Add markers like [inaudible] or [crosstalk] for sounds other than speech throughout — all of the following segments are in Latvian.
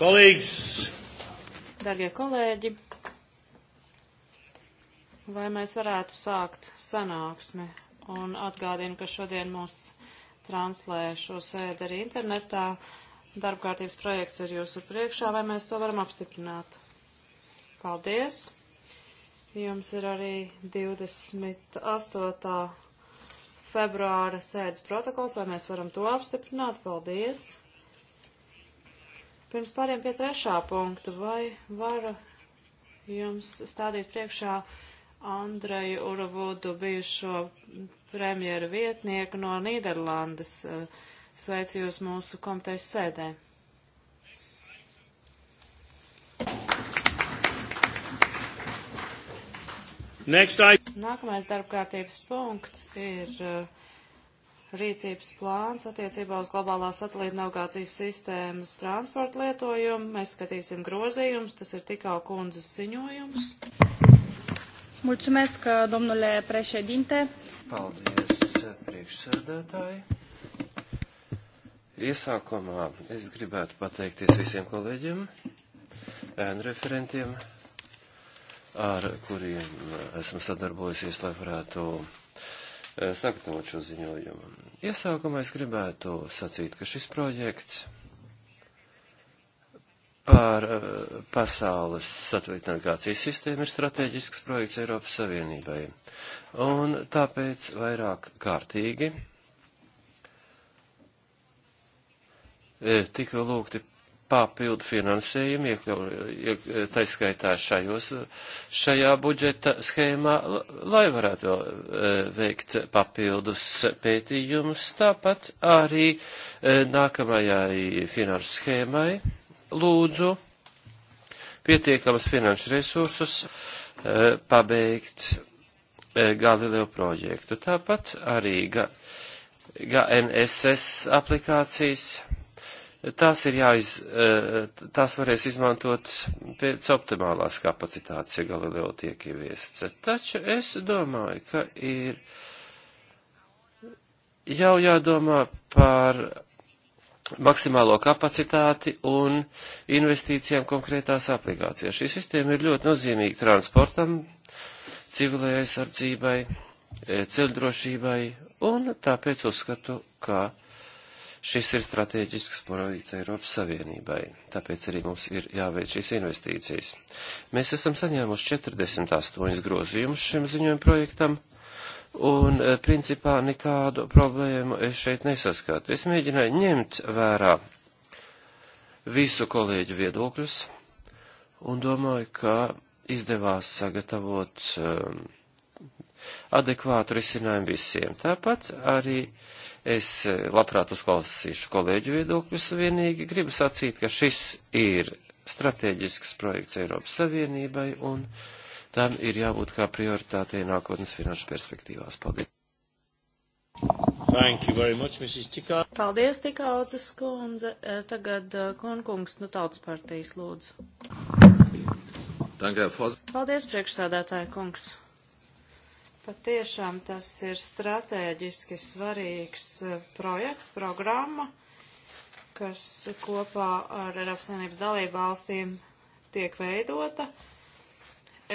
Kolēģis! Darbie kolēģi, vai mēs varētu sākt sanāksmi? Un atgādinu, ka šodien mūs translē šo sēdi arī internetā. Darbkārtības projekts ir jūsu priekšā, vai mēs to varam apstiprināt? Paldies! Jums ir arī 28. februāra sēdes protokols, vai mēs varam to apstiprināt? Paldies! Pirms pāriem pie trešā punkta, vai varu jums stādīt priekšā Andreju Uruvudu, bijušo premjeru vietnieku no Nīderlandes. Eh, sveicu jūs mūsu komitejas sēdē. Nākamais darbkārtības punkts ir uh, rīcības plāns attiecībā uz globālās satelīta navigācijas sistēmas transporta lietojumu. Mēs skatīsim grozījumus, tas ir tikau kundzes ziņojums. Mulțumesc, domnule președinte. Paldies, priekšsēdētāji. Iesākumā es gribētu pateikties visiem kolēģiem, ēnu referentiem, ar kuriem esmu sadarbojusies, lai varētu Eh, sagatavot šo ziņojumu. Iesākumā es gribētu sacīt, ka šis projekts par eh, pasaules satelītnavigācijas sistēmu ir strateģisks projekts Eiropas Savienībai. Un tāpēc vairāk kārtīgi eh, tika lūgti papildu finansējumu, iek, taiskaitā šajos, šajā budžeta schēmā, lai varētu vēl e, veikt papildus pētījumus. Tāpat arī e, nākamajai finanšu schēmai lūdzu pietiekams finanšu resursus e, pabeigt Galileo projektu. Tāpat arī GNSS aplikācijas tās ir jāiz, eh, tās varēs izmantot pēc optimālās kapacitātes, ja Galileo tiek ieviests. Taču es domāju, ka ir jau jādomā par maksimālo kapacitāti un investīcijām konkrētās aplikācijās. Šī sistēma ir ļoti nozīmīga transportam, civilai aizsardzībai, eh, ceļdrošībai, un tāpēc uzskatu, ka Šis ir strateģisks projekts Eiropas Savienībai, tāpēc arī mums ir jāveic šīs investīcijas. Mēs esam saņēmuši 48 grozījumus šim ziņojuma projektam, un eh, principā nekādu problēmu es šeit nesaskatu. Es mēģināju ņemt vērā visu kolēģu viedokļus un domāju, ka izdevās sagatavot um, adekvātu risinājumu visiem. Tāpat arī es eh, labprāt uzklausīšu kolēģu viedokļus, vienīgi gribu sacīt, ka šis ir stratēģisks projekts Eiropas Savienībai un tam ir jābūt kā prioritātei nākotnes finanšu perspektīvās. Paldies! Thank you very much, Mrs. Tikā. Paldies, Tikaudzes kundze. Eh, tagad eh, Konkungs no nu, Tautas partijas lūdzu. Paldies, priekšsādātāja kungs. Patiešām tas ir strateģiski svarīgs eh, projekts, programma, kas kopā ar Eiropas Savienības dalību valstīm tiek veidota.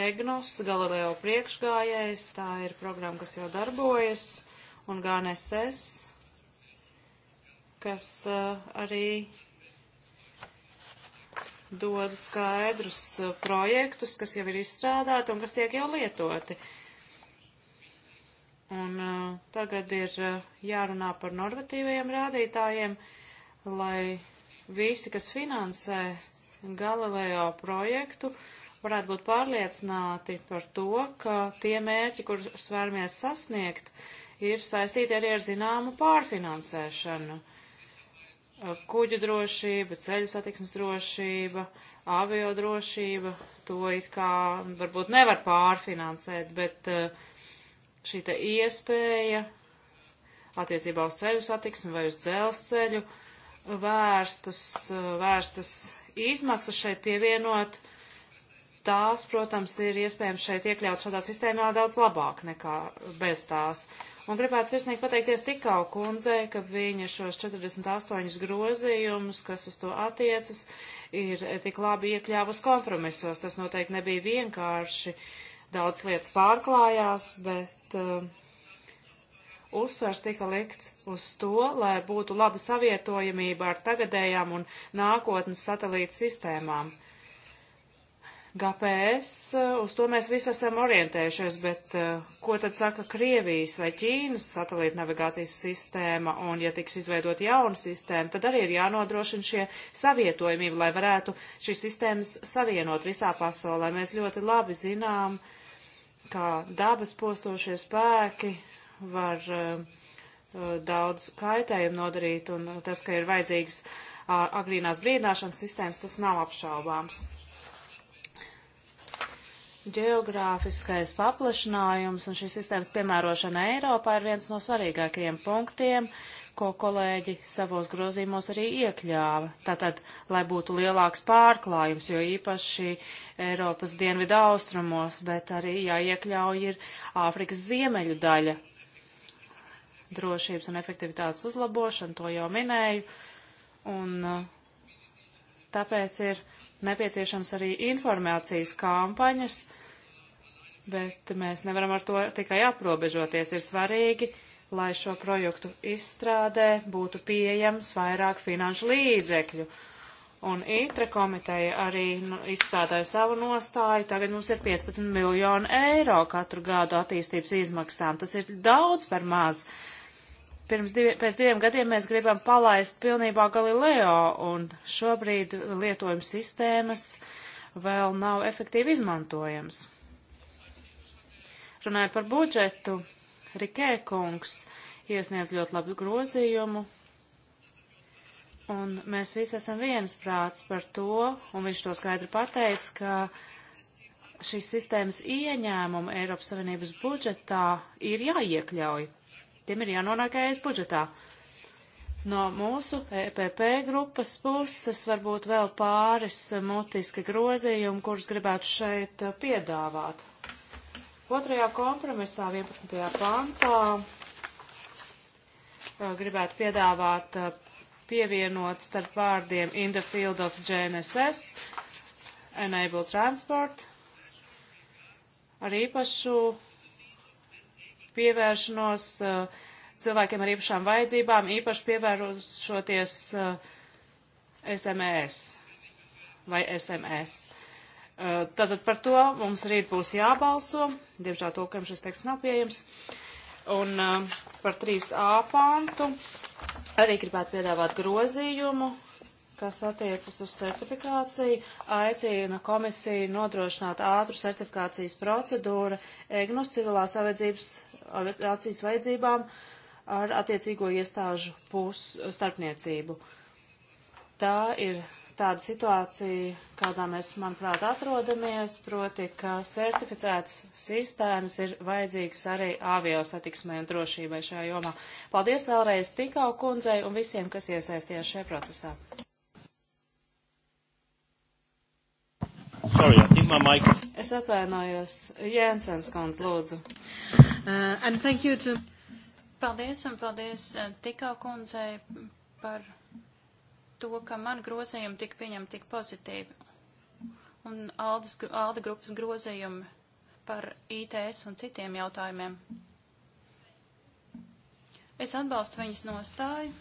EGNOS, Galileo priekšgājējs, tā ir programma, kas jau darbojas, un GNSS, kas eh, arī dod skaidrus eh, projektus, kas jau ir izstrādāti un kas tiek jau lietoti. Uh, Un uh, tagad ir uh, jārunā par normatīvajiem rādītājiem, lai visi, kas finansē Galileo projektu, varētu būt pārliecināti par to, ka tie mērķi, kurus vēlamies sasniegt, ir saistīti arī ar zināmu pārfinansēšanu. Uh, kuģu drošība, ceļu satiksmes drošība, avio drošība, to it kā varbūt nevar pārfinansēt, bet uh, šī te iespēja attiecībā uz ceļu satiksmi vai uz dzelzceļu vērstus, vērstas izmaksas šeit pievienot, tās, protams, ir iespējams šeit iekļaut šādā sistēmā daudz labāk nekā bez tās. Un gribētu sirsnīgi pateikties tikau kundzei, ka viņa šos 48 grozījumus, kas uz to attiecas, ir tik labi iekļāvus kompromisos. Tas noteikti nebija vienkārši. Daudz lietas pārklājās, bet uh, uzsvars tika likts uz to, lai būtu laba savietojamība ar tagadējām un nākotnes satelīta sistēmām. GPS, eh, uz to mēs visi esam orientējušies, bet eh, ko tad saka Krievijas vai Ķīnas satelīta navigācijas sistēma, un ja tiks izveidot jauna sistēma, tad arī ir jānodrošina šie savietojumība, lai varētu šīs sistēmas savienot visā pasaulē. Mēs ļoti labi zinām, uh, kā dabas postošie spēki var uh, daudz kaitējumu nodarīt, un tas, ka ir vajadzīgs uh, agrīnās brīdināšanas sistēmas, tas nav apšaubāms. Geogrāfiskais paplašinājums un šīs sistēmas piemērošana Eiropā ir viens no svarīgākajiem punktiem, ko kolēģi savos grozījumos arī iekļāva. Tātad, lai būtu lielāks pārklājums, jo īpaši Eiropas dienvidu austrumos, bet arī jāiekļauj ir Āfrikas ziemeļu daļa. Drošības un efektivitātes uzlabošana, to jau minēju. Un uh, tāpēc ir nepieciešams arī informācijas kampaņas, bet mēs nevaram ar to tikai aprobežoties. Ir svarīgi lai šo projektu izstrādē būtu pieejams vairāk finanšu līdzekļu. Un ITRE komiteja arī nu, izstrādāja savu nostāju. Tagad mums ir 15 miljonu eiro katru gadu attīstības izmaksām. Tas ir daudz par maz. Pirms divi, pēc diviem gadiem mēs gribam palaist pilnībā Galileo, un šobrīd lietojuma sistēmas vēl nav efektīvi izmantojams. Runājot par budžetu, Rikē kungs iesniedz ļoti labu grozījumu, un mēs visi esam viensprāts par to, un viņš to skaidri pateica, ka šīs sistēmas ieņēmumu Eiropas Savienības budžetā ir jāiekļauj. Tiem ir jānonāk ES budžetā. No mūsu EPP grupas puses varbūt vēl pāris mutiski grozījumi, kurus gribētu šeit piedāvāt. Otrajā kompromisā, 11. pantā, eh, gribētu piedāvāt eh, pievienot starp vārdiem in the field of GNSS, enable transport, ar īpašu pievēršanos uh, cilvēkiem ar īpašām vajadzībām, īpaši pievēršoties uh, SMS e vai SMS. Eh, tātad par to mums rīt būs jābalso, diemžēl tulkiem šis teksts nav pieejams. Un uh, par 3A pantu arī gribētu piedāvāt grozījumu, kas attiecas uz certifikāciju, aicina komisiju nodrošināt ātru certifikācijas procedūru EGNUS civilās aviācijas vajadzībām ar attiecīgo iestāžu pus starpniecību. Tā ir tāda situācija, kādā mēs, manuprāt, atrodamies, proti, ka certificētas sistēmas ir vajadzīgas arī avio satiksmē un drošībai šajā jomā. Paldies vēlreiz tikau kundzei un visiem, kas iesaistījās šajā procesā. Sorry, I think my mic... Es atvainojos. Jēnsens kundz, lūdzu. Uh, and thank you to... Paldies un paldies uh, tikā kundzei par to, ka man grozījumi tika pieņemti tik pozitīvi. Un Aldas, Alda grupas grozījumi par ITS un citiem jautājumiem. Es atbalstu viņas nostāju.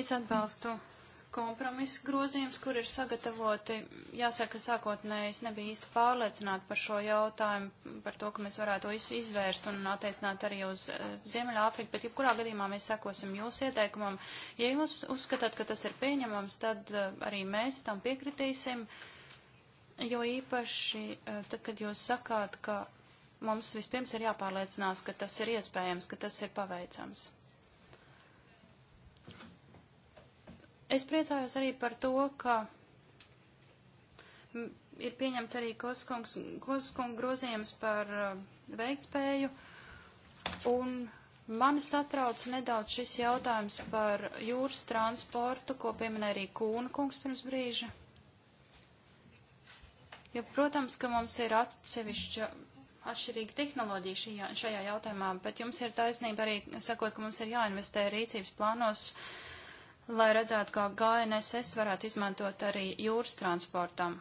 Es atbalstu. Mm kompromisa grozījums, kur ir sagatavoti, jāsaka, sākotnēji es nebiju īsti pārliecināta par šo jautājumu, par to, ka mēs varētu to izvērst un attiecināt arī uz uh, Ziemeļāfriku, bet jebkurā gadījumā mēs sekosim jūsu ieteikumam. Ja jūs uzskatāt, ka tas ir pieņemams, tad uh, arī mēs tam piekritīsim, jo īpaši uh, tad, kad jūs sakāt, ka mums vispirms ir jāpārliecinās, ka tas ir iespējams, ka tas ir paveicams. Es priecājos arī par to, ka ir pieņemts arī Koskunga grozījums par uh, veiktspēju, un mani satrauc nedaudz šis jautājums par jūras transportu, ko pieminēja arī Kūna kungs pirms brīža. Jo, protams, ka mums ir atsevišķa atšķirīga tehnoloģija šajā, šajā jautājumā, bet jums ir taisnība arī sakot, ka mums ir jāinvestē rīcības plānos uh, lai redzētu, kā GNSS varētu izmantot arī jūras transportam.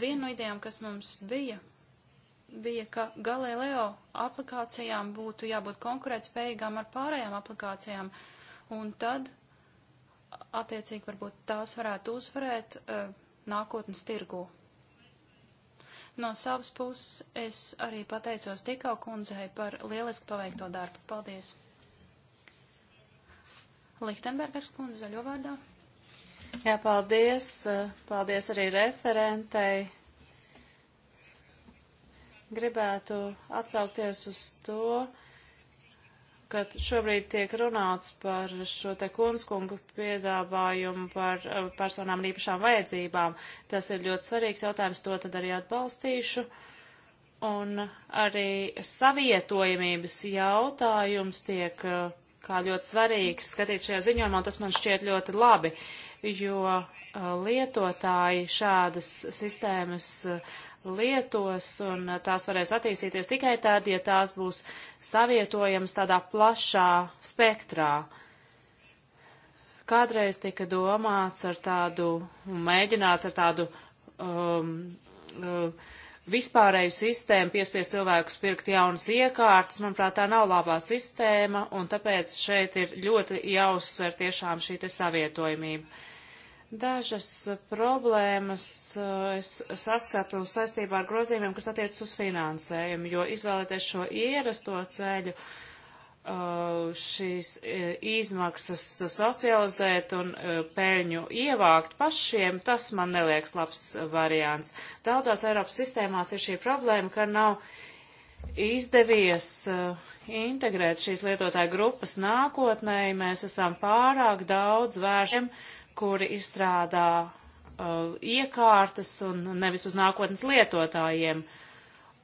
Viena no idejām, kas mums bija, bija, ka Galileo aplikācijām būtu jābūt konkurētspējīgām ar pārējām aplikācijām, un tad, attiecīgi, varbūt tās varētu uzvarēt uh, nākotnes tirgū. No savas puses es arī pateicos tikau kundzei par lieliski paveikto darbu. Paldies! Lichtenbergers kundze zaļo vārdā. Jā, paldies. Paldies arī referentei. Gribētu atsaukties uz to, ka šobrīd tiek runāts par šo te kunskungu piedāvājumu par personām ar īpašām vajadzībām. Tas ir ļoti svarīgs jautājums, to tad arī atbalstīšu. Un arī savietojamības jautājums tiek kā ļoti svarīgs skatīt šajā ziņojumā, un tas man šķiet ļoti labi, jo uh, lietotāji šādas sistēmas uh, lietos, un uh, tās varēs attīstīties tikai tad, ja tās būs savietojamas tādā plašā spektrā. Kādreiz tika domāts ar tādu, mēģināts ar tādu um, um, vispārēju sistēmu piespiest cilvēkus pirkt jaunas iekārtas, manuprāt, tā nav labā sistēma, un tāpēc šeit ir ļoti jāuzsver tiešām šī te savietojamība. Dažas problēmas uh, es saskatu saistībā ar grozījumiem, kas attiecas uz finansējumu, jo izvēlēties šo ierasto ceļu, uh, Uh, šīs uh, izmaksas socializēt un uh, peļņu ievākt pašiem, tas man neliekas labs variants. Daudzās Eiropas sistēmās ir šī problēma, ka nav izdevies integrēt šīs lietotāju grupas nākotnē. Mēs esam pārāk daudz vēršiem, kuri izstrādā iekārtas un nevis uz nākotnes lietotājiem. Uh,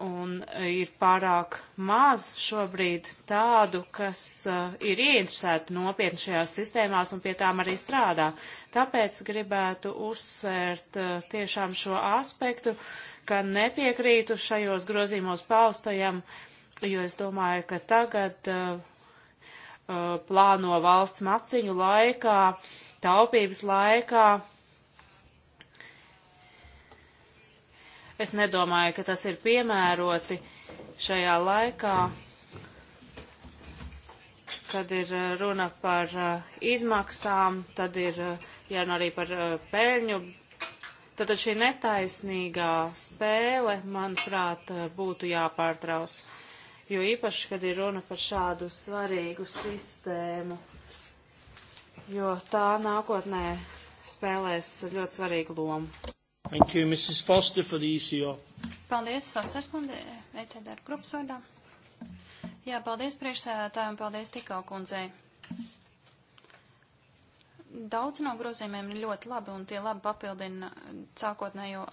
un ir pārāk maz šobrīd tādu, kas uh, ir ieinteresēti nopietni šajās sistēmās un pie tām arī strādā. Tāpēc gribētu uzsvērt uh, tiešām šo aspektu, ka nepiekrītu šajos grozīmos paustajam, jo es domāju, ka tagad uh, uh plāno valsts maciņu laikā, taupības laikā Es nedomāju, ka tas ir piemēroti šajā laikā, kad ir uh, runa par uh, izmaksām, tad ir uh, jārunā arī par pēļņu. Tad šī netaisnīgā spēle, manuprāt, būtu jāpārtrauc. Jo īpaši, kad ir runa par šādu svarīgu sistēmu, jo tā nākotnē spēlēs ļoti svarīgu lomu. Thank you, Mrs. Foster, for the ECO. Paldies, Fosters kundze, ECDR grupas vārdā. Jā, paldies priekšsēdētājiem, paldies tikko kundzei. Daudz no grozījumiem ir ļoti labi, un tie labi papildina sākotnējo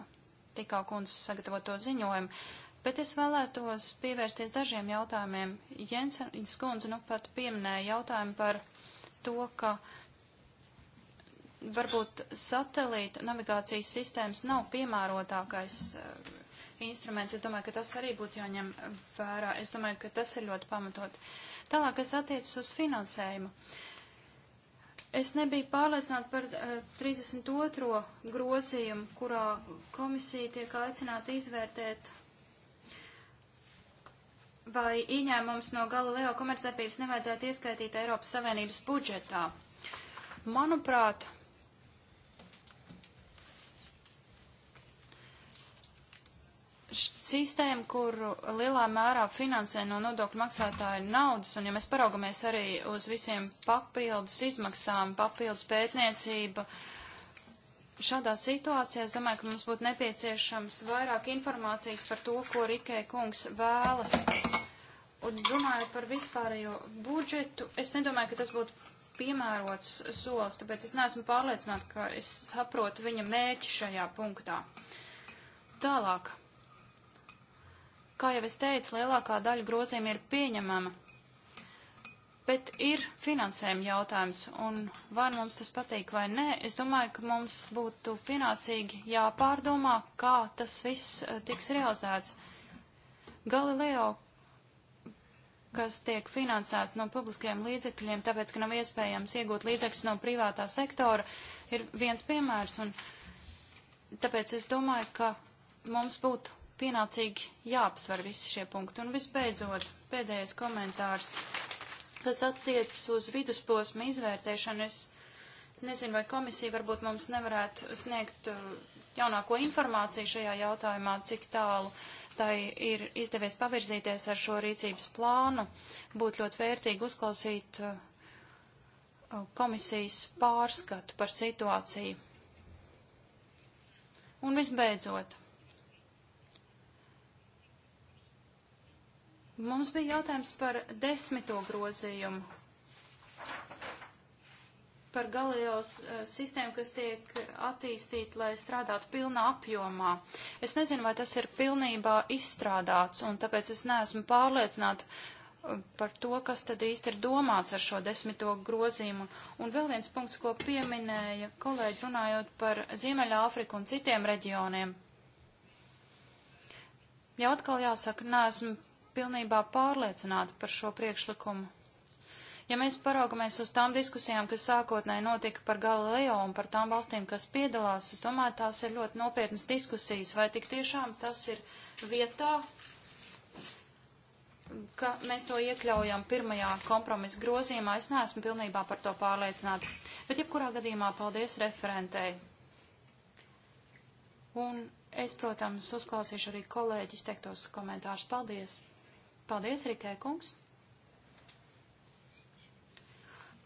tikko kundzes sagatavoto ziņojumu. Bet es vēlētos pievērsties dažiem jautājumiem. Jensens kundze nu pat pieminēja jautājumu par to, ka uh, varbūt satelīta navigācijas sistēmas nav piemērotākais uh, instruments. Es domāju, ka tas arī būtu jāņem vērā. Es domāju, ka tas ir ļoti pamatot. Tālāk, kas attiecas uz finansējumu. Es nebiju pārliecināta par uh, eh, 32. grozījumu, kurā komisija tiek aicināta izvērtēt, vai ieņēmums no Galileo komercdarbības nevajadzētu ieskaitīt Eiropas Savienības budžetā. Manuprāt, sistēma, kuru lielā mērā finansē no nodokļu maksātāja naudas, un ja mēs paraugamies arī uz visiem papildus izmaksām, papildus pētniecība, šādā situācijā es domāju, ka mums būtu nepieciešams vairāk informācijas par to, ko Rikē kungs vēlas. Un domājot par vispārējo budžetu, es nedomāju, ka tas būtu piemērots solis, tāpēc es neesmu pārliecināta, ka es saprotu viņa mērķi šajā punktā. Tālāk Kā jau es teicu, lielākā daļa grozījuma ir pieņemama, bet ir finansējuma jautājums, un vai mums tas patīk vai nē, es domāju, ka mums būtu pienācīgi jāpārdomā, kā tas viss eh, tiks realizēts. Galileo, kas tiek finansēts no publiskajiem līdzekļiem, tāpēc, ka nav iespējams iegūt līdzekļus no privātā sektora, ir viens piemērs. Un tāpēc es domāju, ka mums būtu pienācīgi jāapsver visi šie punkti. Un visbeidzot, pēdējais komentārs, kas attiecas uz vidusposma izvērtēšanu. Es nezinu, vai komisija varbūt mums nevarētu sniegt uh, jaunāko informāciju šajā jautājumā, cik tālu tai ir izdevies pavirzīties ar šo rīcības plānu. Būtu ļoti vērtīgi uzklausīt uh, komisijas pārskatu par situāciju. Un visbeidzot. Mums bija jautājums par desmito grozījumu, par Galileos eh, sistēmu, kas tiek attīstīta, lai strādātu pilnā apjomā. Es nezinu, vai tas ir pilnībā izstrādāts, un tāpēc es neesmu pārliecināta, eh, par to, kas tad īsti ir domāts ar šo desmito grozījumu. Un vēl viens punkts, ko pieminēja kolēģi runājot par Ziemeļāfriku un citiem reģioniem. Jau atkal jāsaka, neesmu pilnībā pārliecināti par šo priekšlikumu. Ja mēs paraugamies uz tām diskusijām, kas sākotnēji notika par Galileo un par tām valstīm, kas piedalās, es domāju, tās ir ļoti nopietnas diskusijas, vai tik tiešām tas ir vietā, ka mēs to iekļaujam pirmajā kompromisa grozījumā. Es neesmu pilnībā par to pārliecināta, bet jebkurā gadījumā paldies referentei. Un es, protams, uzklausīšu arī kolēģis teiktos komentārus. Paldies! Paldies, Rikē kungs.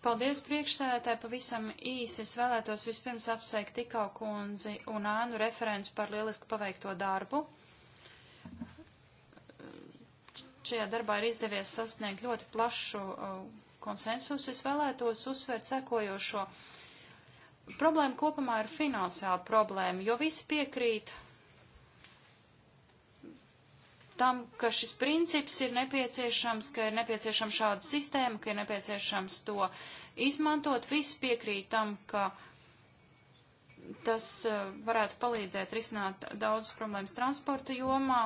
Paldies, priekšsēdētāji, pavisam īsi. Es vēlētos vispirms apsveikt Tikau kundzi un Ānu referents par lieliski paveikto darbu. Šajā darbā ir izdevies sasniegt ļoti plašu uh, konsensus. Es vēlētos uzsvērt sekojošo. Problēma kopumā ir finansiāla problēma, jo visi piekrīt tam, ka šis princips ir nepieciešams, ka ir nepieciešama šāda sistēma, ka ir nepieciešams to izmantot. Viss piekrīt tam, ka tas eh, varētu palīdzēt risināt daudzas problēmas transporta jomā.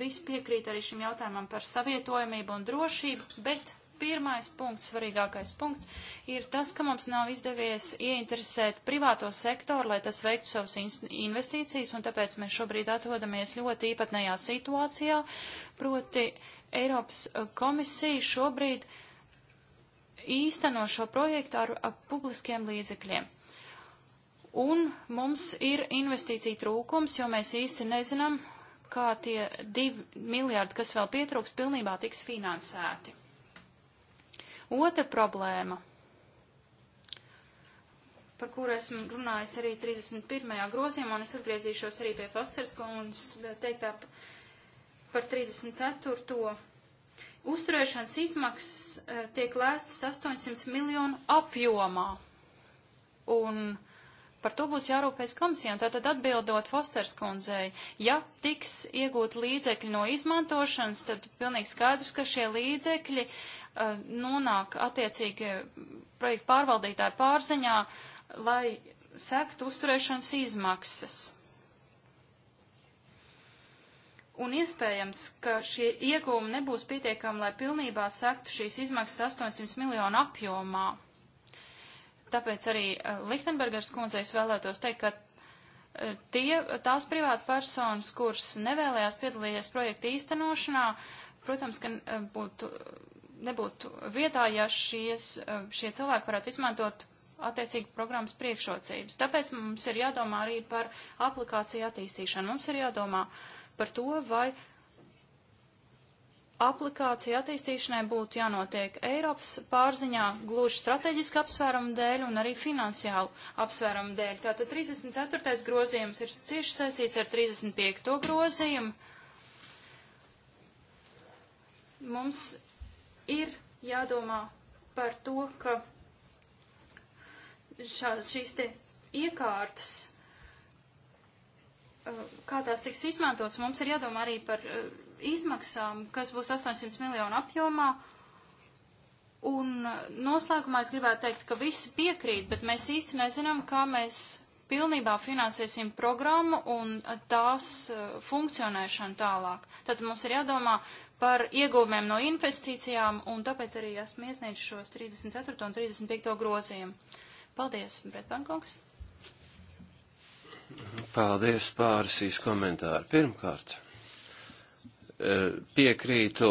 Viss piekrīt arī šim jautājumam par savietojamību un drošību, bet Pirmais punkts, svarīgākais punkts, ir tas, ka mums nav izdevies ieinteresēt privāto sektoru, lai tas veiktu savas investīcijas, un tāpēc mēs šobrīd atrodamies ļoti īpatnējā situācijā, proti Eiropas uh, komisija šobrīd īsteno šo projektu ar, ar uh, publiskiem līdzekļiem. Un mums ir investīcija trūkums, jo mēs īsti nezinām, kā tie divi miljārdi, kas vēl pietrūks, pilnībā tiks finansēti. Otra problēma, par kuru esmu runājis arī 31. grozījumā, un es atgriezīšos arī pie Fosterskundas e, teiktā par 34. Uzturēšanas izmaksas e, tiek lēstas 800 miljonu apjomā. Un uh, Par to būs jārūpējas komisijām. Tātad atbildot Fosters kundzei, ja tiks iegūt līdzekļi no izmantošanas, tad pilnīgi skaidrs, ka šie līdzekļi uh, nonāk attiecīgi projektu pārvaldītāju pārziņā, lai sektu uzturēšanas izmaksas. Un iespējams, ka šie iegūmi nebūs pietiekami, lai pilnībā sektu šīs izmaksas 800 miljonu apjomā. Tāpēc arī eh, Lichtenbergers kundze es vēlētos teikt, ka eh, tie, tās privāta personas, kuras nevēlējās piedalīties projekta īstenošanā, protams, ka eh, būtu, nebūtu vietā, ja šies, šie cilvēki varētu izmantot attiecīgi programmas priekšrocības. Tāpēc mums ir jādomā arī par aplikāciju attīstīšanu. Mums ir jādomā par to, vai uh, aplikācija attīstīšanai būtu jānotiek Eiropas pārziņā gluži strateģiski apsvērumu dēļ un arī finansiālu apsvērumu dēļ. Tātad 34. grozījums ir cieši saistīts ar 35. grozījumu. Mums ir jādomā par to, ka šā, šīs te iekārtas uh, kā tās tiks izmantotas, mums ir jādomā arī par uh, izmaksām, kas būs 800 miljonu apjomā. Un noslēgumā es gribētu teikt, ka visi piekrīt, bet mēs īsti nezinām, kā mēs pilnībā finansēsim programmu un tās eh, funkcionēšanu tālāk. Tad mums ir jādomā par ieguvumiem no investīcijām, un tāpēc arī esmu iesniedzis šos 34. un 35. grozījumu. Paldies, Bretpankungs! Paldies, pāris īsi komentāri. Pirmkārt, piekrītu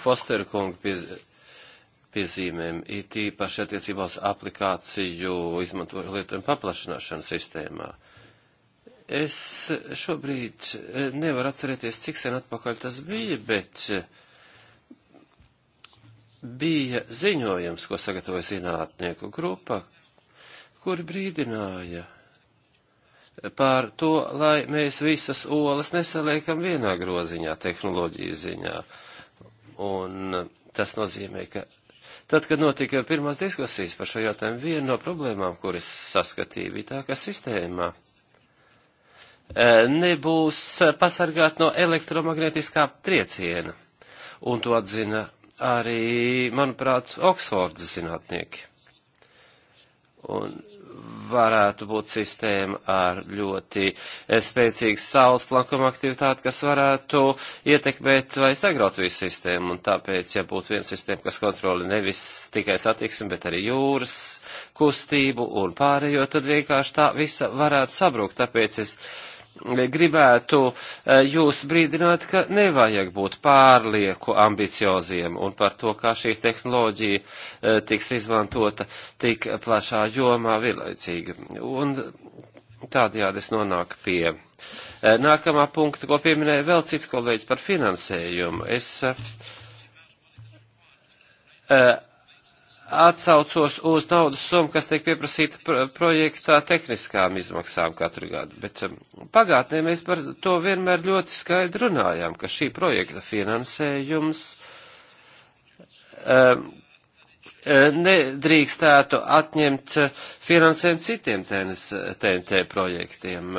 Fosterkungu pie, piezīmēm, it īpaši attiecībā uz aplikāciju izmantošanu lietojumu paplašināšanu sistēmā. Es šobrīd eh, nevaru atcerēties, cik sen atpakaļ tas bija, bet eh, bija ziņojums, ko sagatavoja zinātnieku grupa, kuri brīdināja pār to, lai mēs visas olas nesaliekam vienā groziņā tehnoloģijas ziņā. Un tas nozīmē, ka tad, kad notika pirmās diskusijas par šo jautājumu, viena no problēmām, kuras saskatīja, bija tā, ka sistēmā e, nebūs pasargāt no elektromagnetiskā trieciena. Un to atzina arī, manuprāt, Oksfordas zinātnieki. Un varētu būt sistēma ar ļoti eh, spēcīgu saules plankuma aktivitāti, kas varētu ietekmēt vai sagraut visu sistēmu. Un tāpēc, ja būtu viena sistēma, kas kontroli nevis tikai satiksmi, bet arī jūras kustību un pārējo, tad vienkārši tā visa varētu sabrukt. Tāpēc es gribētu eh, jūs brīdināt, ka nevajag būt pārlieku ambicioziem un par to, kā šī tehnoloģija eh, tiks izmantota tik plašā jomā vienlaicīgi. Un tādējādi es nonāku pie eh, nākamā punkta, ko pieminēja vēl cits kolēģis par finansējumu. Es atsaucos uz naudas summu, kas tiek pieprasīta pro projektā tehniskām izmaksām katru gadu, bet um, pagātnē mēs par to vienmēr ļoti skaidri runājām, ka šī projekta finansējums um, nedrīkstētu atņemt finansējumu citiem TNT projektiem,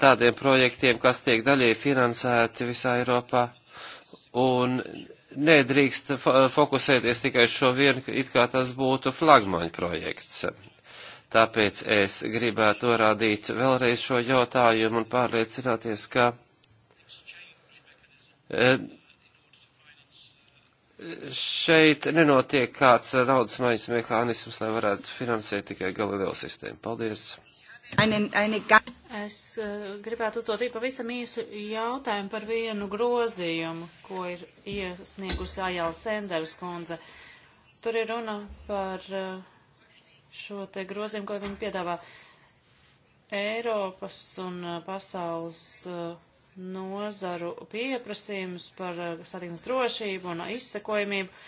tādiem projektiem, kas tiek daļēji finansēti visā Eiropā un nedrīkst fokusēties tikai uz šo vienu, it kā tas būtu flagmaņu projekts. Tāpēc es gribētu norādīt vēlreiz šo jautājumu un pārliecināties, ka e, šeit nenotiek kāds naudas maiņas mehānisms, lai varētu finansēt tikai Galileo sistēmu. Paldies! Es eh, gribētu uzdot pavisam īsu jautājumu par vienu grozījumu, ko ir iesniegusi Ajāla Senders kundze. Tur ir runa par eh, šo te grozījumu, ko viņi piedāvā. Eiropas un eh, pasaules nozaru pieprasījums par satiksmes drošību un izsekojumību.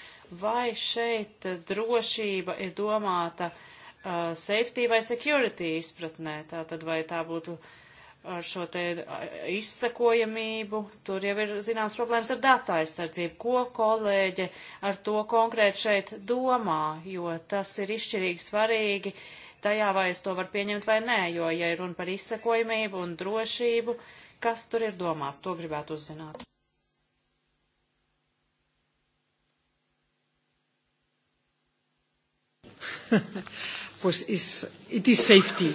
Vai šeit drošība ir domāta uh, uh, safety vai security izpratnē, tā tad vai tā būtu ar šo te uh, izsakojamību, tur jau ir zināms problēmas ar datu aizsardzību, ko kolēģe ar to konkrēti šeit domā, jo tas ir izšķirīgi svarīgi tajā, vai es to varu pieņemt vai nē, jo, ja ir runa par izsakojamību un drošību, kas tur ir domāts, to gribētu uzzināt. [laughs] pues is, it is safety.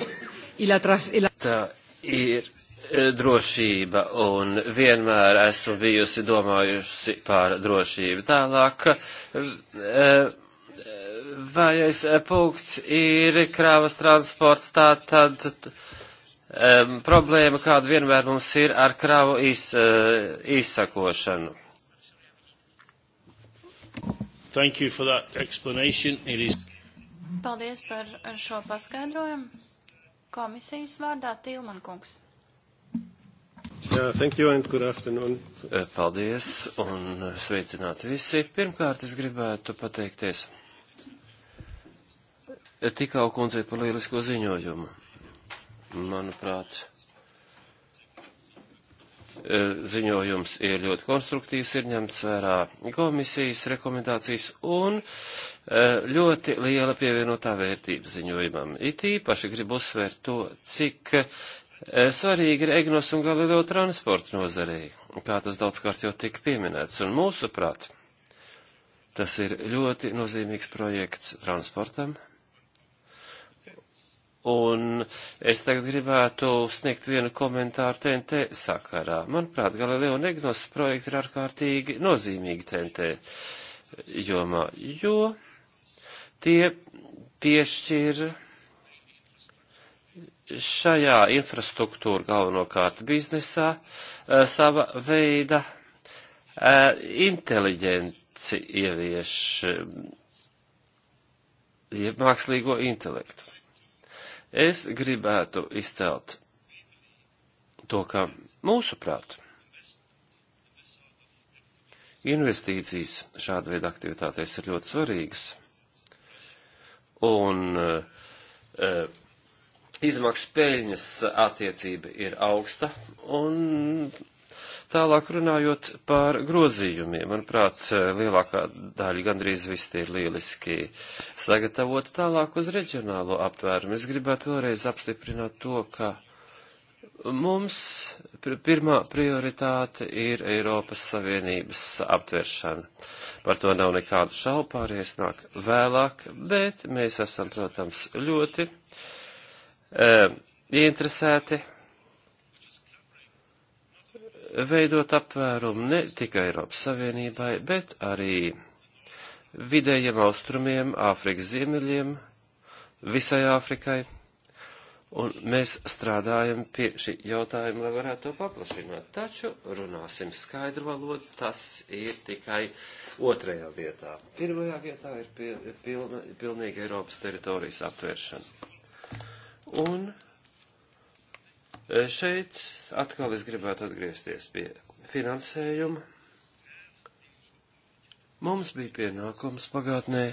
Y la tra, y la... Tā ir e, drošība un vienmēr esmu bijusi domājusi par drošību. Tālāk, e, vājais punkts ir krāvas transports, tā tad um, problēma, kāda vienmēr mums ir ar kravu iz, uh, izsakošanu. Thank you for that explanation. It is... Paldies par šo paskaidrojumu. Komisijas vārdā Tīlman kungs. Jā, thank you and good afternoon. Eh, paldies un sveicināti visi. Pirmkārt, es gribētu pateikties tikau kundzei par lielisko ziņojumu. Manuprāt, E, ziņojums ir ļoti konstruktīvs, ir ņemts vērā komisijas rekomendācijas un e, ļoti liela pievienotā vērtība ziņojumam. It īpaši gribu uzsvērt to, cik e, svarīgi ir Egnos un Galileo transporta nozarei, kā tas daudzkārt jau tika pieminēts, un mūsuprāt, tas ir ļoti nozīmīgs projekts transportam, Un es tagad gribētu sniegt vienu komentāru TNT sakarā. Manuprāt, Galileo Negnos projekti ir ārkārtīgi nozīmīgi TNT jomā, jo tie piešķir šajā infrastruktūra galvenokārt biznesā eh, sava veida eh, inteliģenci ievieš, eh, jeb mākslīgo intelektu. Es gribētu izcelt to, ka mūsuprāt, investīcijas šāda veida aktivitātēs ir ļoti svarīgas. Un uh, izmaksu peļņas attiecība ir augsta, un Tālāk runājot par grozījumiem, manuprāt, lielākā daļa, gandrīz viss tie ir lieliski sagatavot tālāk uz reģionālo aptvērumu. Es gribētu vēlreiz apstiprināt to, ka mums pirmā prioritāte ir Eiropas Savienības aptveršana. Par to nav nekādu šaubu, pārējais nāk vēlāk, bet mēs esam, protams, ļoti e, eh, ieinteresēti veidot aptvērumu ne tikai Eiropas Savienībai, bet arī vidējiem austrumiem, Āfrikas ziemeļiem, visai Āfrikai. Un mēs strādājam pie šī jautājuma, lai varētu to paplašināt. Taču runāsim skaidru valodu, tas ir tikai otrajā vietā. Pirmajā vietā ir pilna, pilnīga Eiropas teritorijas aptvēršana. Un E, šeit atkal es gribētu atgriezties pie finansējuma. Mums bija pienākums pagātnē,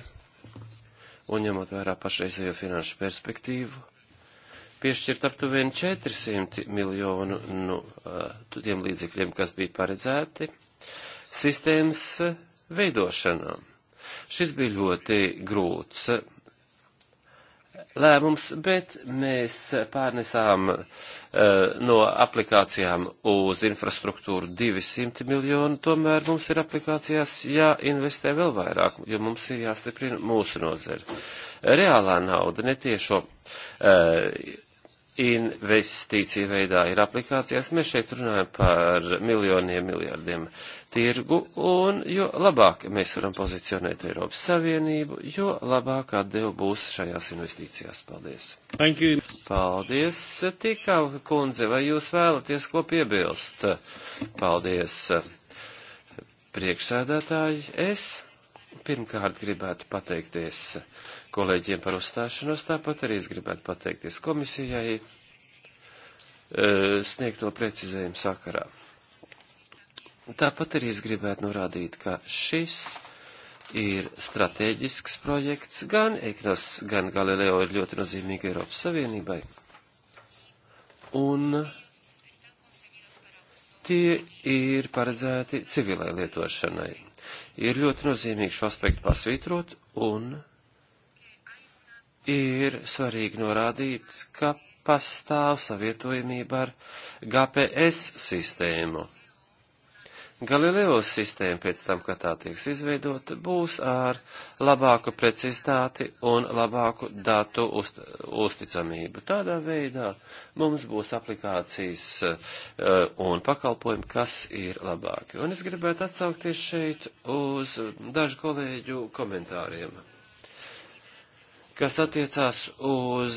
un ņemot vērā pašreizējo finanšu perspektīvu, piešķirt aptuveni 400 miljonu no nu, e, tiem līdzekļiem, kas bija paredzēti sistēmas veidošanām. Šis bija ļoti grūts lēmums, bet mēs pārnesām uh, no aplikācijām uz infrastruktūru 200 miljonu, tomēr mums ir aplikācijās jāinvestē vēl vairāk, jo mums ir jāstiprina mūsu nozara. Reālā nauda, netiešo uh, investīcija veidā ir aplikācijas. Mēs šeit runājam par miljoniem, miljardiem tirgu, un jo labāk mēs varam pozicionēt Eiropas Savienību, jo labāk atdeva būs šajās investīcijās. Paldies! Paldies, Tikau kundze, vai jūs vēlaties ko piebilst? Paldies, priekšsēdētāji. Es pirmkārt gribētu pateikties kolēģiem par uzstāšanos, tāpat arī es gribētu pateikties komisijai e, sniegto precizējumu sakarā. Tāpat arī es gribētu norādīt, ka šis ir strateģisks projekts, gan Eknos, gan Galileo ir ļoti nozīmīgi Eiropas Savienībai. Un tie ir paredzēti civilai lietošanai. Ir ļoti nozīmīgi šo aspektu pasvītrot un ir svarīgi norādīt, ka pastāv savietojamība ar GPS sistēmu. Galileo sistēma pēc tam, kad tā tiks izveidota, būs ar labāku precizitāti un labāku datu uzt, uzticamību. Tādā veidā mums būs aplikācijas uh, un pakalpojumi, kas ir labāki. Un es gribētu atsaukties šeit uz dažu kolēģu komentāriem kas attiecās uz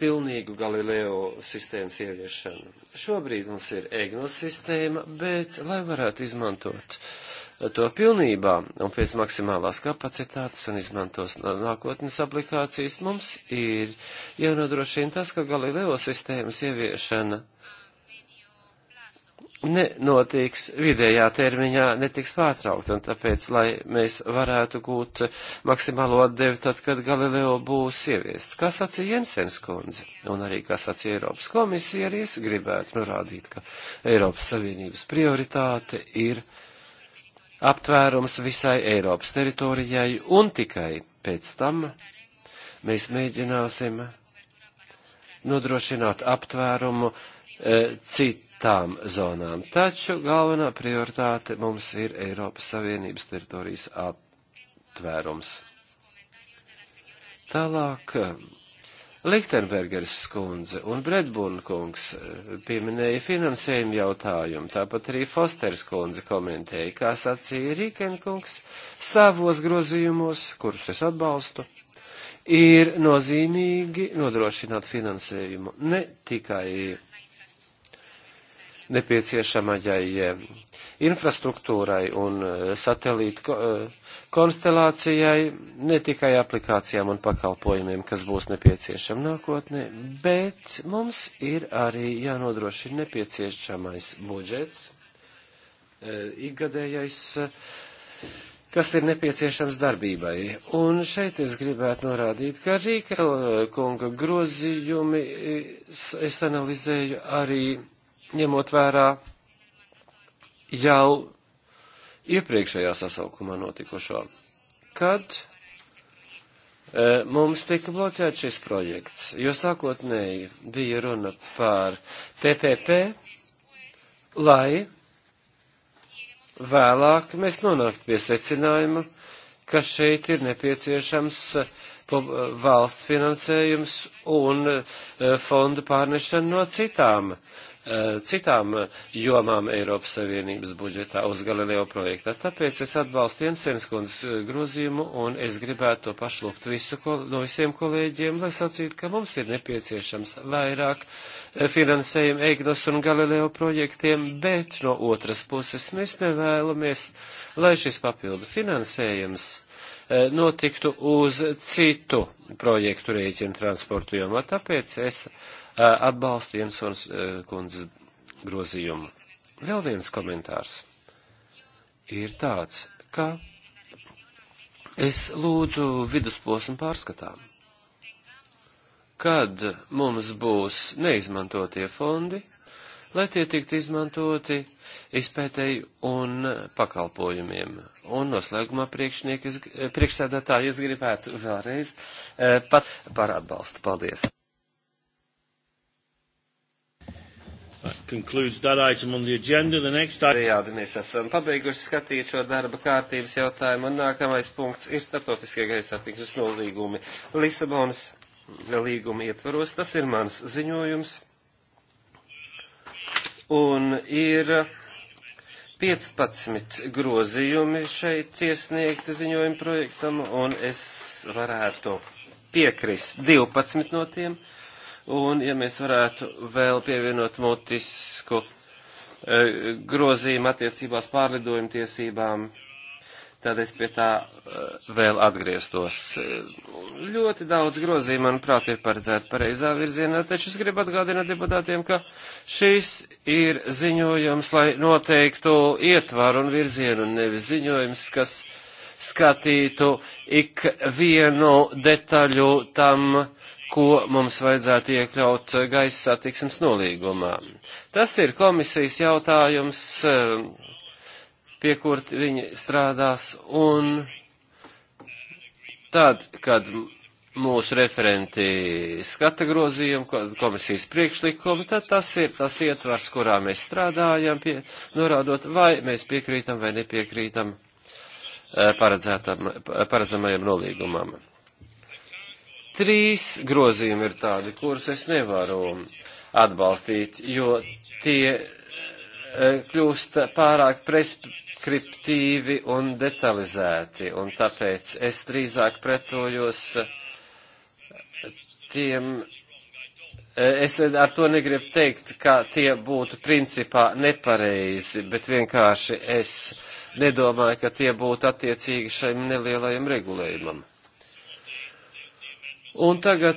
pilnīgu Galileo sistēmas ieviešanu. Šobrīd mums ir EGNOS sistēma, bet, lai varētu izmantot to pilnībā un pēc maksimālās kapacitātes un izmantos nākotnes aplikācijas, mums ir jānodrošina tas, ka Galileo sistēmas ieviešana uh, nenotiks vidējā termiņā, netiks pārtraukt, un tāpēc, lai mēs varētu gūt maksimālo atdevi tad, kad Galileo būs ieviests. Kā sacīja Jensens kundze, un arī kā sacīja Eiropas komisija, arī es gribētu norādīt, ka Eiropas Savienības prioritāte ir aptvērums visai Eiropas teritorijai, un tikai pēc tam mēs mēģināsim nodrošināt aptvērumu E, citām zonām. Taču galvenā prioritāte mums ir Eiropas Savienības teritorijas aptvērums. Tālāk e, Lichtenbergers skundze un Bredbūna kungs e, pieminēja finansējumu jautājumu, tāpat arī Fosters kundze komentēja, kā sacīja Rīkenkungs, savos grozījumos, kurus es atbalstu, ir nozīmīgi nodrošināt finansējumu ne tikai nepieciešamajai e, infrastruktūrai un e, satelītu e, konstelācijai, ne tikai aplikācijām un pakalpojumiem, kas būs nepieciešami nākotnē, bet mums ir arī jānodrošina nepieciešamais budžets, ikgadējais, kas ir nepieciešams darbībai. Un šeit es gribētu norādīt, ka Rīka kunga grozījumi es analizēju arī ņemot vērā jau iepriekšējā sasaukumā notikušo, kad e, mums tika bloķēts šis projekts, jo sākotnēji bija runa par PPP, lai vēlāk mēs nonāktu pie secinājuma, ka šeit ir nepieciešams e, e, valsts finansējums un fondu pārnešana no citām uh, Eh, citām eh, jomām Eiropas Savienības budžetā uz Galileo projektā. Tāpēc es atbalstu Jensens kundzes eh, grozījumu un es gribētu to pašlūgt visu no visiem kolēģiem, lai sacītu, ka mums ir nepieciešams vairāk finansējumu Eignos un Galileo projektiem, bet no otras puses mēs nevēlamies, lai šis papildu finansējums notiktu uz citu projektu rēķinu transportu jomā. Tāpēc es atbalstu Jensons kundzes grozījumu. Vēl viens komentārs ir tāds, ka es lūdzu vidusposmu pārskatām. Kad mums būs neizmantotie fondi, lai tie tiktu izmantoti izpētēji un pakalpojumiem. Un noslēgumā priekšsēdētāji es gribētu vēlreiz pat par atbalstu. Paldies! That concludes that item on the agenda. The next item... Jā, mēs esam pabeiguši skatīt šo darba kārtības jautājumu, un nākamais punkts ir starptautiskie gaisa attīstības nolīgumi. Lisabonas līguma ietvaros, tas ir mans ziņojums, un ir 15 grozījumi šeit iesniegti ziņojuma projektam, un es varētu piekrist 12 no tiem. Un, ja mēs varētu vēl pievienot mutisku e, grozījumu attiecībās pārlidojumu tiesībām, tad es pie tā e, vēl atgrieztos. E, ļoti daudz grozījumu, manuprāt, ir paredzēti pareizā virzienā, taču es gribu atgādināt deputātiem, ka šis ir ziņojums, lai noteiktu ietvaru un virzienu, nevis ziņojums, kas skatītu ik vienu detaļu tam, uh, ko mums vajadzētu iekļaut gaisa satiksmes nolīgumā. Tas ir komisijas jautājums, um, pie kur viņi strādās, un tad, kad mūsu referenti skata grozījumu, komisijas priekšlikumu, tad tas ir tas ietvars, kurā mēs strādājam, pie, norādot, vai mēs piekrītam vai nepiekrītam eh, paredzētam, paredzamajam nolīgumam. Trīs grozījumi ir tādi, kurus es nevaru atbalstīt, jo tie e, kļūst pārāk preskriptīvi un detalizēti, un tāpēc es drīzāk pretojos tiem. E, es ar to negribu teikt, ka tie būtu principā nepareizi, bet vienkārši es nedomāju, ka tie būtu attiecīgi šim nelielajam regulējumam. Un tagad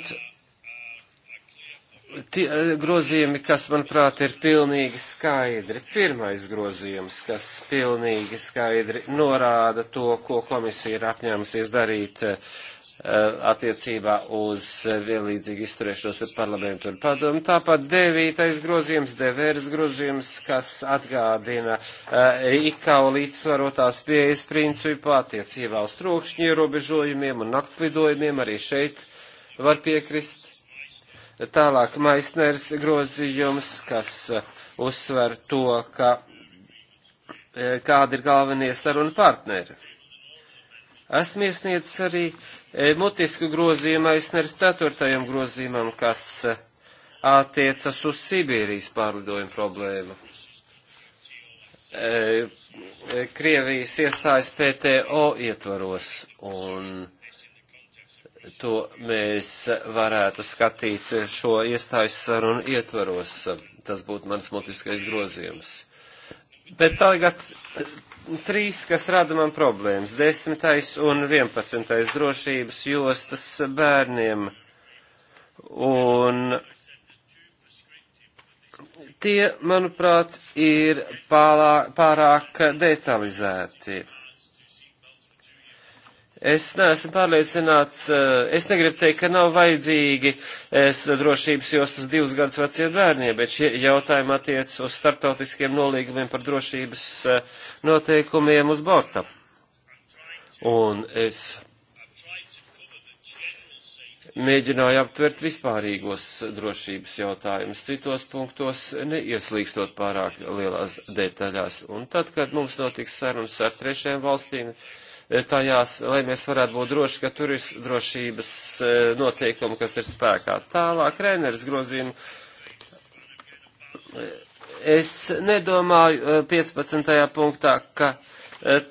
tie eh, grozījumi, kas, manuprāt, ir pilnīgi skaidri. Pirmais grozījums, kas pilnīgi skaidri norāda to, ko komisija ir apņēmusies darīt eh, attiecībā uz vienlīdzīgu izturēšanos pret parlamentu un padomu. Tāpat devītais grozījums, devērs grozījums, kas atgādina eh, ikau līdzsvarotās pieejas principu attiecībā uz trokšņu ierobežojumiem un naktslidojumiem arī šeit var piekrist. Tālāk Maisners grozījums, kas eh, uzsver to, ka eh, kādi ir galvenie saruna partneri. Esmu iesniedzis arī eh, mutisku grozījumu Maisners ceturtajam grozījumam, kas attiecas uz Sibīrijas pārlidojumu problēmu. Krievijas iestājas PTO ietvaros un to mēs varētu skatīt šo iestājas sarunu ietvaros. Tas būtu mans mutiskais grozījums. Bet tagad trīs, kas rada man problēmas. Desmitais un vienpadsmitais drošības jostas bērniem. Un tie, manuprāt, ir pārāk, pārāk detalizēti Es neesmu pārliecināts, eh, es negribu teikt, ka nav vajadzīgi es eh, drošības jostas divus gadus veciem bērniem, bet šie jautājumi attiec uz starptautiskiem nolīgumiem par drošības eh, noteikumiem uz borta. Un es mēģināju aptvert vispārīgos drošības jautājumus, citos punktos neieslīgstot pārāk lielās detaļās. Un tad, kad mums notiks sarunas ar trešajām valstīm, uh, Eh, tajās, lai mēs varētu būt droši, ka tur ir drošības eh, noteikumi, kas ir spēkā. Tālāk, Rēners grozījumu. Es nedomāju 15. Eh, punktā, ka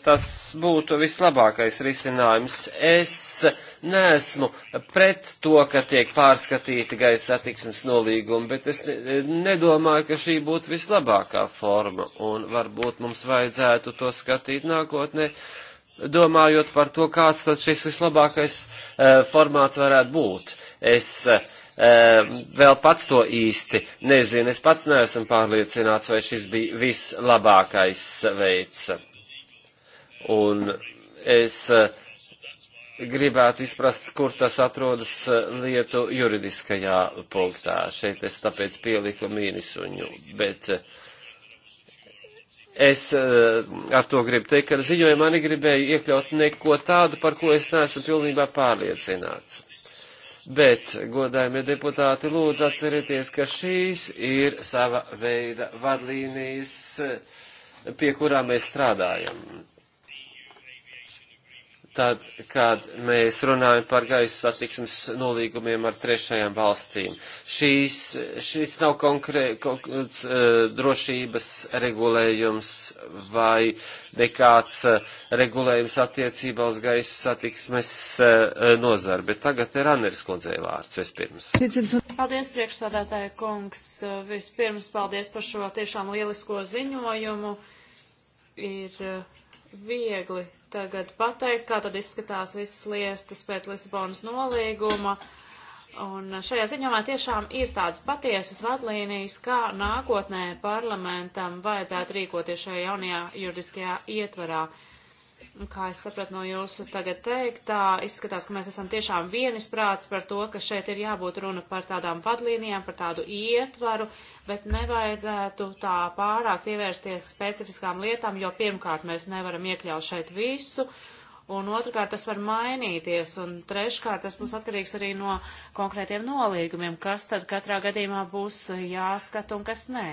tas būtu vislabākais risinājums. Es neesmu pret to, ka tiek pārskatīti gaisa satiksmes nolīgumi, bet es nedomāju, ka šī būtu vislabākā forma, un varbūt mums vajadzētu to skatīt nākotnē domājot par to, kāds tad šis vislabākais uh, formāts varētu būt. Es uh, vēl pats to īsti nezinu. Es pats neesmu pārliecināts, vai šis bija vislabākais veids. Un es uh, gribētu izprast, kur tas atrodas lietu juridiskajā punktā. Šeit es tāpēc pieliku mīnisuņu, bet uh, Es eh, ar to gribu teikt, ka ziņojumā negribēju iekļaut neko tādu, par ko es neesmu pilnībā pārliecināts. Bet, godājumie deputāti, lūdzu atcerieties, ka šīs ir sava veida vadlīnijas, pie kurām mēs strādājam tad, kad mēs runājam par gaisa satiksmes nolīgumiem ar trešajām valstīm. Šīs, šis nav konkrēts konkrē, eh, drošības regulējums vai nekāds eh, regulējums attiecībā uz gaisa satiksmes eh, nozari, bet tagad ir Aneris kundzei vārds vispirms. Paldies, priekšsādātāja kungs. Vispirms paldies par šo tiešām lielisko ziņojumu. Ir uh, viegli tagad pateikt, kā tad izskatās visas liestas pēc Lisabonas nolīguma. Un šajā ziņojumā tiešām ir tādas patiesas vadlīnijas, kā nākotnē parlamentam vajadzētu rīkoties šajā jaunajā juridiskajā ietvarā. Kā es sapratu no jūsu tagad teiktā, izskatās, ka mēs esam tiešām vienisprāts par to, ka šeit ir jābūt runa par tādām vadlīnijām, par tādu ietvaru, bet nevajadzētu tā pārāk pievērsties specifiskām lietām, jo pirmkārt mēs nevaram iekļaut šeit visu, un otrkārt tas var mainīties, un treškārt tas būs atkarīgs arī no konkrētiem nolīgumiem, kas tad katrā gadījumā būs jāskata un kas nē.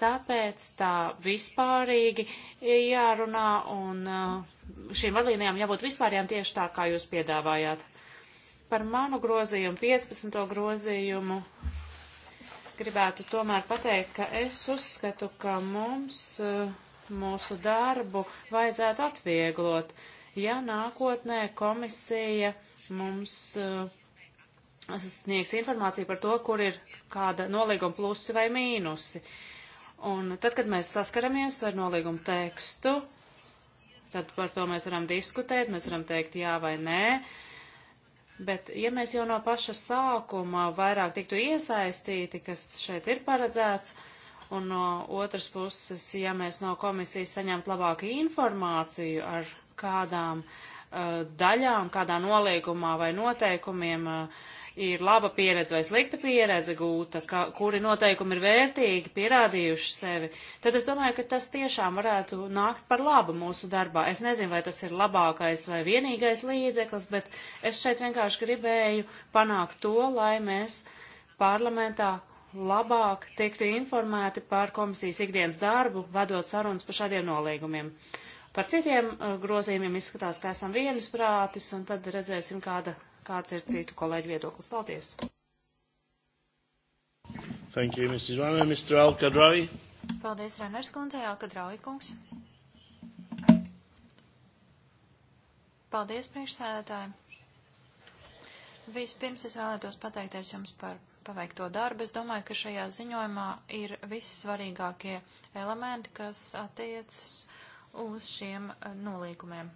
Tāpēc tā vispārīgi jārunā un uh, šīm vadlīnijām jābūt vispārējām tieši tā, kā jūs piedāvājāt. Par manu grozījumu, 15. grozījumu, gribētu tomēr pateikt, ka es uzskatu, ka mums uh, mūsu darbu vajadzētu atvieglot, ja nākotnē komisija mums uh, sniegs informāciju par to, kur ir kāda nolīguma plusi vai mīnusi. Uh, Un tad, kad mēs saskaramies ar nolīgumu tekstu, tad par to mēs varam diskutēt, mēs varam teikt jā vai nē. Bet, ja mēs jau no paša sākuma vairāk tiktu iesaistīti, kas šeit ir paredzēts, un no otras puses, ja mēs no komisijas saņemtu labāku informāciju ar kādām uh, daļām, kādā nolīgumā vai noteikumiem uh, ir laba pieredze vai slikta pieredze gūta, ka, kuri noteikumi ir vērtīgi, pierādījuši sevi, tad es domāju, ka tas tiešām varētu nākt par labu mūsu darbā. Es nezinu, vai tas ir labākais vai vienīgais līdzeklis, bet es šeit vienkārši gribēju panākt to, lai mēs parlamentā labāk tiktu informēti par komisijas ikdienas darbu, vedot sarunas par šādiem nolīgumiem. Par citiem uh, grozījumiem izskatās, ka esam vienas prātis, un tad redzēsim, kāda kāds ir citu kolēģu viedoklis. Paldies! Thank you, Mrs. Rana. Mr. Alkadravi. Paldies, Reners kundzei, Alkadravi kungs. Paldies, priekšsēdētāji. Vispirms es vēlētos pateikties jums par paveikto darbu. Es domāju, ka šajā ziņojumā ir vissvarīgākie elementi, kas attiecas uz šiem eh, nolīgumiem.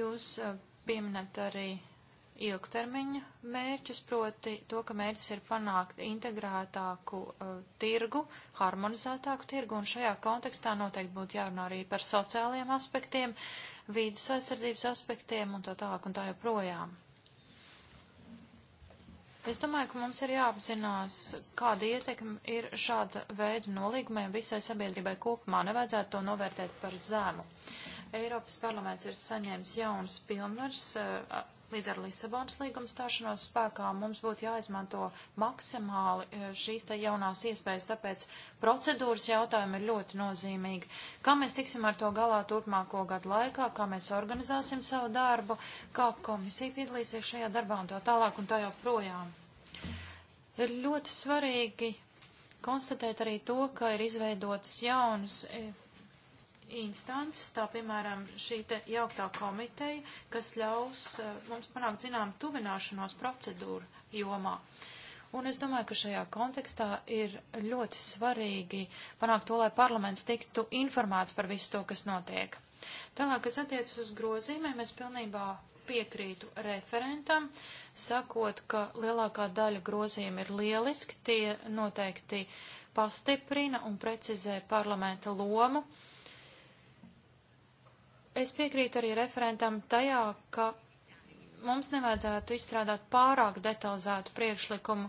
Jūs eh, pieminēt arī ilgtermiņa mērķus, proti to, ka mērķis ir panākt integrētāku uh, tirgu, harmonizētāku tirgu, un šajā kontekstā noteikti būtu jārunā arī par sociālajiem aspektiem, vīdas aizsardzības aspektiem un tā tālāk un tā joprojām. Es domāju, ka mums ir jāapzinās, kāda ietekme ir šāda veida nolīgumiem visai sabiedrībai kopumā. Nevajadzētu to novērtēt par zemu. Uh, Eiropas parlaments ir saņēmis jaunas pilnvaras eh, līdz ar Lisabonas līguma stāšanos spēkā. Mums būtu jāizmanto maksimāli eh, šīs te jaunās iespējas, tāpēc procedūras jautājumi ir ļoti nozīmīgi. Kā mēs tiksim ar to galā turpmāko gadu laikā, kā mēs organizāsim savu darbu, kā komisija piedalīsies šajā darbā un tā tālāk un tā joprojām. Ir ļoti svarīgi konstatēt arī to, ka ir izveidotas jaunas eh, instances, tā piemēram šī te jauktā komiteja, kas ļaus eh, mums panākt zinām tuvināšanos procedūru jomā. Un es domāju, ka šajā kontekstā ir ļoti svarīgi panākt to, lai parlaments tiktu informēts par visu to, kas notiek. Tālāk, kas attiecas uz grozīmēm, es pilnībā piekrītu referentam, sakot, ka lielākā daļa grozījumi ir lieliski, tie noteikti pastiprina un precizē parlamenta lomu. Uh, Es piekrītu arī referentam tajā, ka mums nevajadzētu izstrādāt pārāk detalizētu priekšlikumu,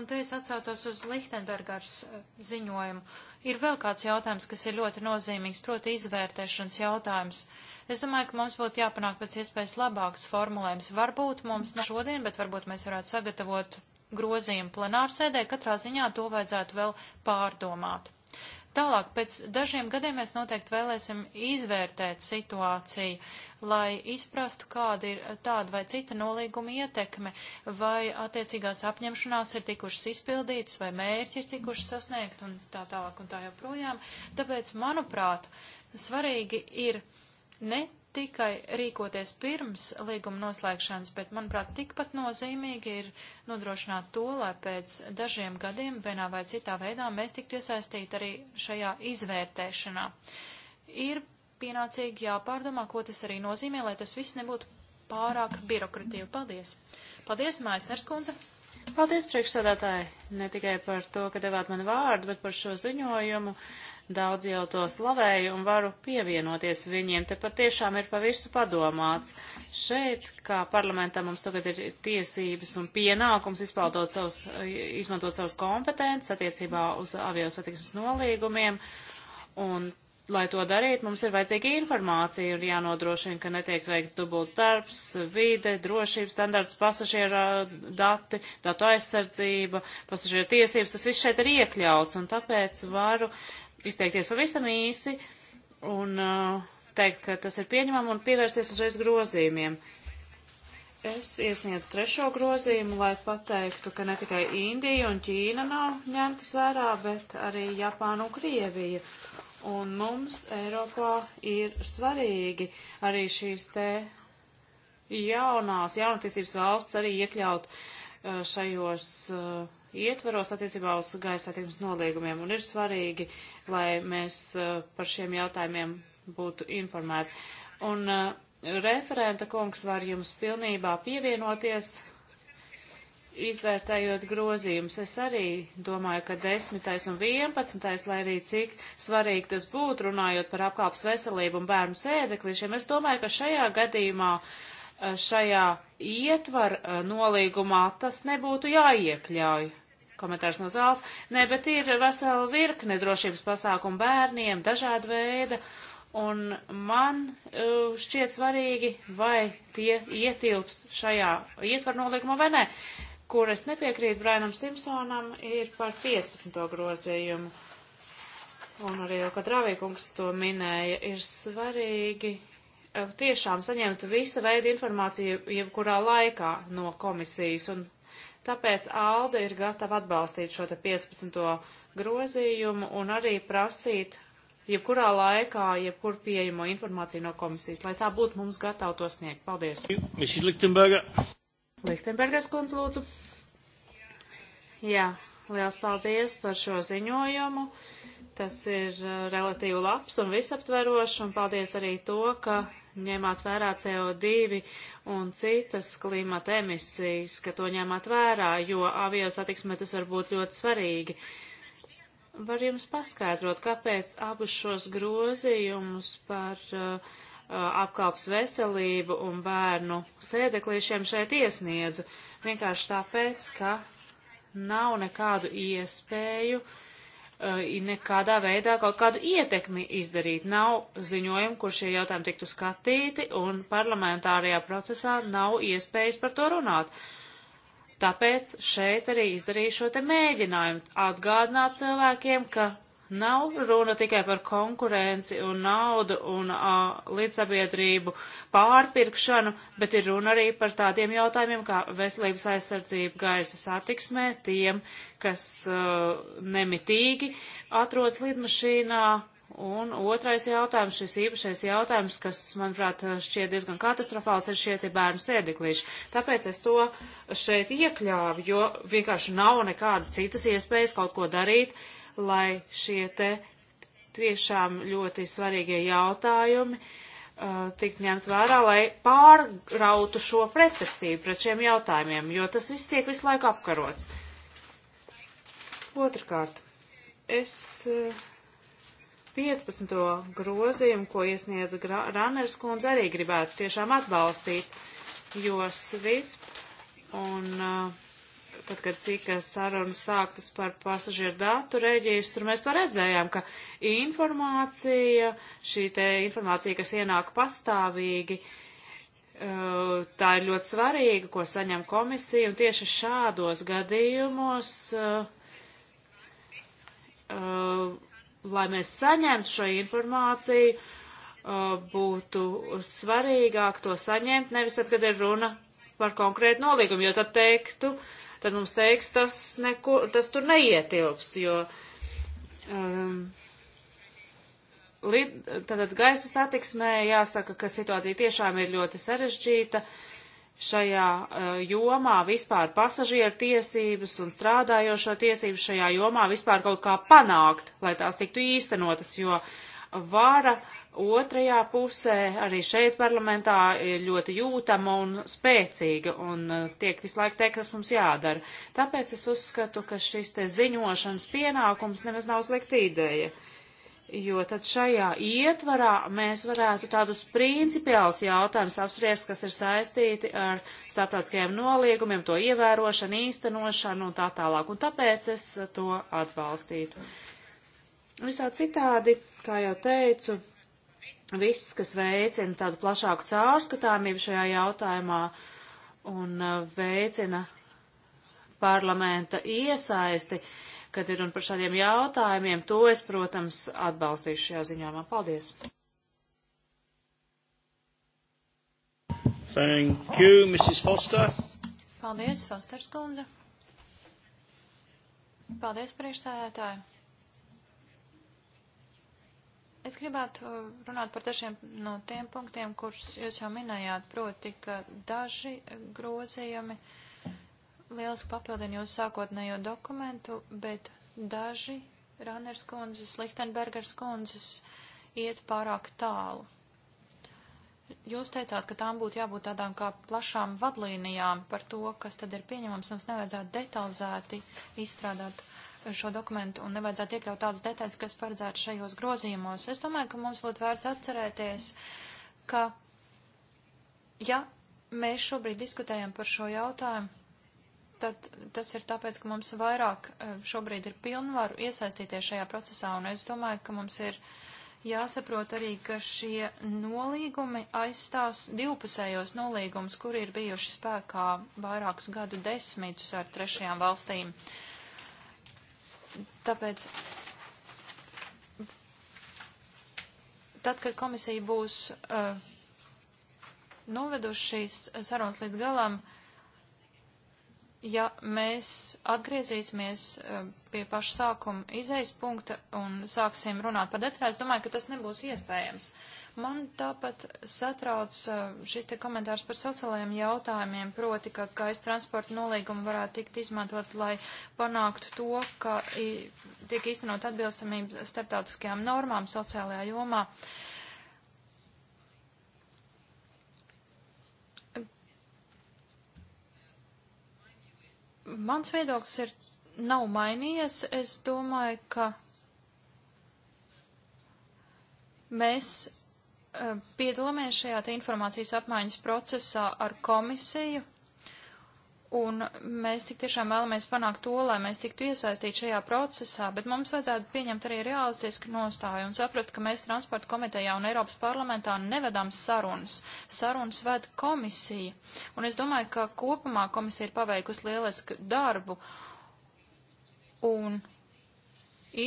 un te es atsautos uz Lichtenbergers eh, ziņojumu. Ir vēl kāds jautājums, kas ir ļoti nozīmīgs, proti izvērtēšanas jautājums. Es domāju, ka mums būtu jāpanāk pēc iespējas labāks formulējums. Varbūt mums ne šodien, bet varbūt mēs varētu sagatavot grozījumu plenārsēdē, katrā ziņā to vajadzētu vēl pārdomāt. Tālāk, pēc dažiem gadiem mēs noteikti vēlēsim izvērtēt situāciju, lai izprastu, kāda ir tāda vai cita nolīguma ietekme, vai attiecīgās apņemšanās ir tikušas izpildītas, vai mērķi ir tikuši sasniegt un tā tālāk un tā joprojām. Tāpēc, manuprāt, svarīgi ir ne tikai rīkoties pirms līguma noslēgšanas, bet, manuprāt, tikpat nozīmīgi ir nodrošināt to, lai pēc dažiem gadiem vienā vai citā veidā mēs tiktu iesaistīti arī šajā izvērtēšanā. Ir pienācīgi jāpārdomā, ko tas arī nozīmē, lai tas viss nebūtu pārāk birokratīvi. Paldies! Paldies, Maisners kundze! Paldies, priekšsādātāji, ne tikai par to, ka devāt man vārdu, bet par šo ziņojumu. Uh, Daudz jau to slavēju un varu pievienoties viņiem. Te patiešām ir pa visu padomāts. Šeit, kā parlamentā, mums tagad ir tiesības un pienākums izpaldot savus, izmantot savus kompetences attiecībā uz aviosatiksmes nolīgumiem. Un lai to darītu, mums ir vajadzīga informācija un jānodrošina, ka netiek veikts dubults darbs, vide, drošības standarts, pasažiera dati, datu aizsardzība, pasažiera tiesības, tas viss šeit ir iekļauts, un tāpēc varu izteikties pavisam īsi un uh, teikt, ka tas ir pieņemam un pievērsties uzreiz grozījumiem. Es iesniedzu trešo grozījumu, lai pateiktu, ka ne tikai Indija un Ķīna nav ņemtas vērā, bet arī Japāna un Krievija. Un mums Eiropā ir svarīgi arī šīs te jaunās, jaunatīstības valsts arī iekļaut uh, šajos uh, ietvaros attiecībā uz gaisa attīstības nolīgumiem, un ir svarīgi, lai mēs eh, par šiem jautājumiem būtu informēti. Un eh, referenta kungs var jums pilnībā pievienoties, izvērtējot grozījumus. Es arī domāju, ka 10. un 11. lai arī cik svarīgi tas būtu, runājot par apkalpas veselību un bērnu sēdeklīšiem, es domāju, ka šajā gadījumā, eh, šajā ietver e, nolīgumā, tas nebūtu jāiekļauj. Komentārs no zāles. Nē, bet ir vesela virkne drošības pasākumu bērniem, dažāda veida, un man e, šķiet svarīgi, vai tie ietilpst šajā ietver nolīgumā vai nē. Kur es nepiekrītu Brainam Simpsonam, ir par 15. grozījumu. Un arī, kad Rāvīkungs to minēja, ir svarīgi Eh, tiešām saņemtu visa veida informāciju jebkurā laikā no komisijas, un tāpēc ALDE ir gatava atbalstīt šo te 15. grozījumu un arī prasīt jebkurā laikā, jebkur pieejamo informāciju no komisijas, lai tā būtu mums gatava to sniegt. Paldies. Mrs. Lichtenberger. Lichtenbergers kundz lūdzu. Jā, liels paldies par šo ziņojumu. Tas ir eh, relatīvi labs un visaptverošs, un paldies arī to, ka ņēmāt vērā CO2 un citas klimata emisijas, ka to ņēmāt vērā, jo aviosatiksmē tas var būt ļoti svarīgi. Var jums paskaidrot, kāpēc abus šos grozījumus par uh, uh apkalps veselību un bērnu sēdeklīšiem šeit iesniedzu? Vienkārši tāpēc, ka nav nekādu iespēju uh, Eh, nekādā veidā kaut kādu ietekmi izdarīt. Nav ziņojumu, kur šie jautājumi tiktu skatīti, un parlamentārajā procesā nav iespējas par to runāt. Tāpēc šeit arī izdarīju šo te mēģinājumu atgādināt cilvēkiem, ka Nav runa tikai par konkurenci un naudu un uh, līdzsabiedrību pārpirkšanu, bet ir runa arī par tādiem jautājumiem kā veselības aizsardzība gaisa satiksmē tiem, kas uh, nemitīgi atrodas lidmašīnā. Un otrais jautājums, šis īpašais jautājums, kas, manuprāt, šķiet diezgan katastrofāls, ir šie tie bērnu sēdeklīši. Tāpēc es to šeit iekļāvu, jo vienkārši nav nekādas citas iespējas kaut ko darīt. Uh, lai šie te tiešām ļoti svarīgie jautājumi uh, tikt ņemt vērā, lai pārrautu šo pretestību pret šiem jautājumiem, jo tas viss tiek visu laiku apkarots. Otrakārt, es 15. Uh, grozījumu, ko iesniedza Ranners kundze, arī gribētu tiešām atbalstīt, jo Swift un uh, tad, kad sīka sarunas sāktas par pasažieru datu reģistru, mēs to redzējām, ka informācija, šī te informācija, kas ienāk pastāvīgi, uh, tā ir ļoti svarīga, ko saņem komisija, un tieši šādos gadījumos, uh, uh, lai mēs saņemtu šo informāciju, būtu svarīgāk to saņemt, nevis tad, kad ir runa par konkrētu nolīgumu, jo tad teiktu, tad mums teiks, tas, neko, tas tur neietilpst, jo um, lid, tātad gaisa satiksmē jāsaka, ka situācija tiešām ir ļoti sarežģīta. Šajā uh, jomā vispār pasažieru tiesības un strādājošo tiesības šajā jomā vispār kaut kā panākt, lai tās tiktu īstenotas, jo vara uh, otrajā pusē arī šeit parlamentā ir ļoti jūtama un spēcīga un uh, tiek visu laiku teikt, kas mums jādara. Tāpēc es uzskatu, ka šis te ziņošanas pienākums nemaz nav slikta ideja. Jo tad šajā ietvarā mēs varētu tādus principiālus jautājumus apspriest, kas ir saistīti ar starptautiskajiem noliegumiem, to ievērošanu, īstenošanu un tā tālāk. Un tāpēc es to atbalstītu. Visā citādi, kā jau teicu, viss, kas veicina tādu plašāku caurskatāmību šajā jautājumā un uh, veicina parlamenta iesaisti, kad ir un par šādiem jautājumiem, to es, protams, atbalstīšu šajā ziņojumā. Paldies! Thank you, Mrs. Foster. Paldies, Fosters kundze. Paldies, priekšstādātāji. Es gribētu uh, runāt par dažiem no tiem punktiem, kurus jūs jau minējāt, proti, ka daži grozījumi lieliski papildina jūsu sākotnējo dokumentu, bet daži Ranners kundzes, Lichtenbergers kundzes iet pārāk tālu. Jūs teicāt, ka tām būtu jābūt tādām kā plašām vadlīnijām par to, kas tad ir pieņemams, mums nevajadzētu detalizēti izstrādāt šo dokumentu un nevajadzētu iekļaut tādas detaļas, kas paredzētu šajos grozījumos. Es domāju, ka mums būtu vērts atcerēties, ka, ja mēs šobrīd diskutējam par šo jautājumu, tad tas ir tāpēc, ka mums vairāk eh, šobrīd ir pilnvaru iesaistīties šajā procesā, un es domāju, ka mums ir jāsaprot arī, ka šie nolīgumi aizstās divpusējos nolīgumus, kuri ir bijuši spēkā vairākus gadu desmitus ar trešajām valstīm. Uh, Tāpēc tad, kad komisija būs uh, noveduši šīs sarunas līdz galam, ja mēs atgriezīsimies uh, pie paša sākuma izējas punkta un sāksim runāt par detaļām, es domāju, ka tas nebūs iespējams. Uh, Man tāpat satrauc šis te komentārs par sociālajiem jautājumiem, proti, ka gaisa transporta nolīguma varētu tikt izmantot, lai panāktu to, ka tiek īstenot atbilstamība starptautiskajām normām sociālajā jomā. Mans viedoklis ir nav mainījies. Es domāju, ka mēs piedalāmies šajā informācijas apmaiņas procesā ar komisiju, un mēs tik tiešām vēlamies panākt to, lai mēs tiktu iesaistīti šajā procesā, bet mums vajadzētu pieņemt arī realistisku nostāju un saprast, ka mēs transporta komitejā un Eiropas parlamentā nevedām sarunas. Sarunas ved komisija, un es domāju, ka kopumā komisija ir paveikusi lielisku darbu, un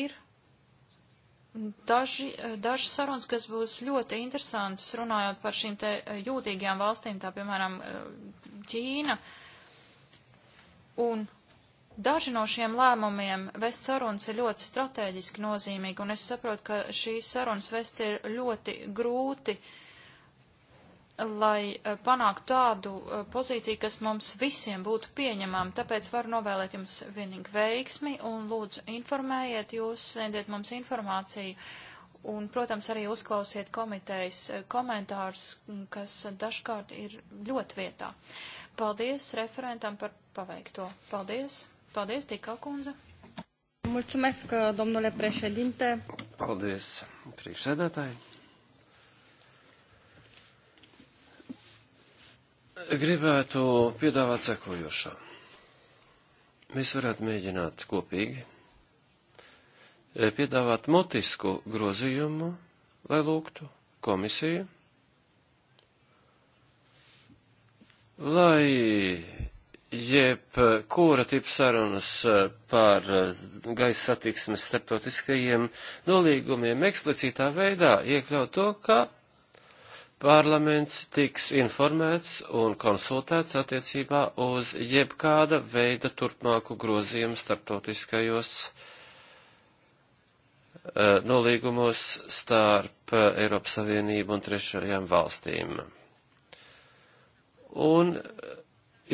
ir Daži, eh, daži sarunas, kas būs ļoti interesantas, runājot par šīm te eh, jūtīgajām valstīm, tā piemēram eh, Ķīna. Un daži no šiem lēmumiem vest sarunas ir ļoti strateģiski nozīmīgi, un es saprotu, ka šīs sarunas vest ir ļoti grūti. Uh, lai eh, panāktu tādu eh, pozīciju, kas mums visiem būtu pieņemama. Tāpēc varu novēlēt jums vienīgi veiksmi un lūdzu informējiet, jūs sniediet mums informāciju un, protams, arī uzklausiet komitejas eh, komentārus, kas dažkārt ir ļoti vietā. Paldies referentam par paveikto. Paldies. Paldies, Tikā kundze. Mulțumesc, domnule președinte. Paldies, priekšsēdētāji. gribētu piedāvāt sekojošā. Mēs varētu mēģināt kopīgi e, piedāvāt motisku grozījumu, lai lūgtu komisiju, lai jeb kura tipa sarunas par gaisa satiksmes starptautiskajiem nolīgumiem eksplicitā veidā iekļaut to, ka Parlaments tiks informēts un konsultēts attiecībā uz jebkāda veida turpmāku grozījumu starptautiskajos uh, nolīgumos starp eh, Eiropas Savienību un trešajām valstīm. Un eh,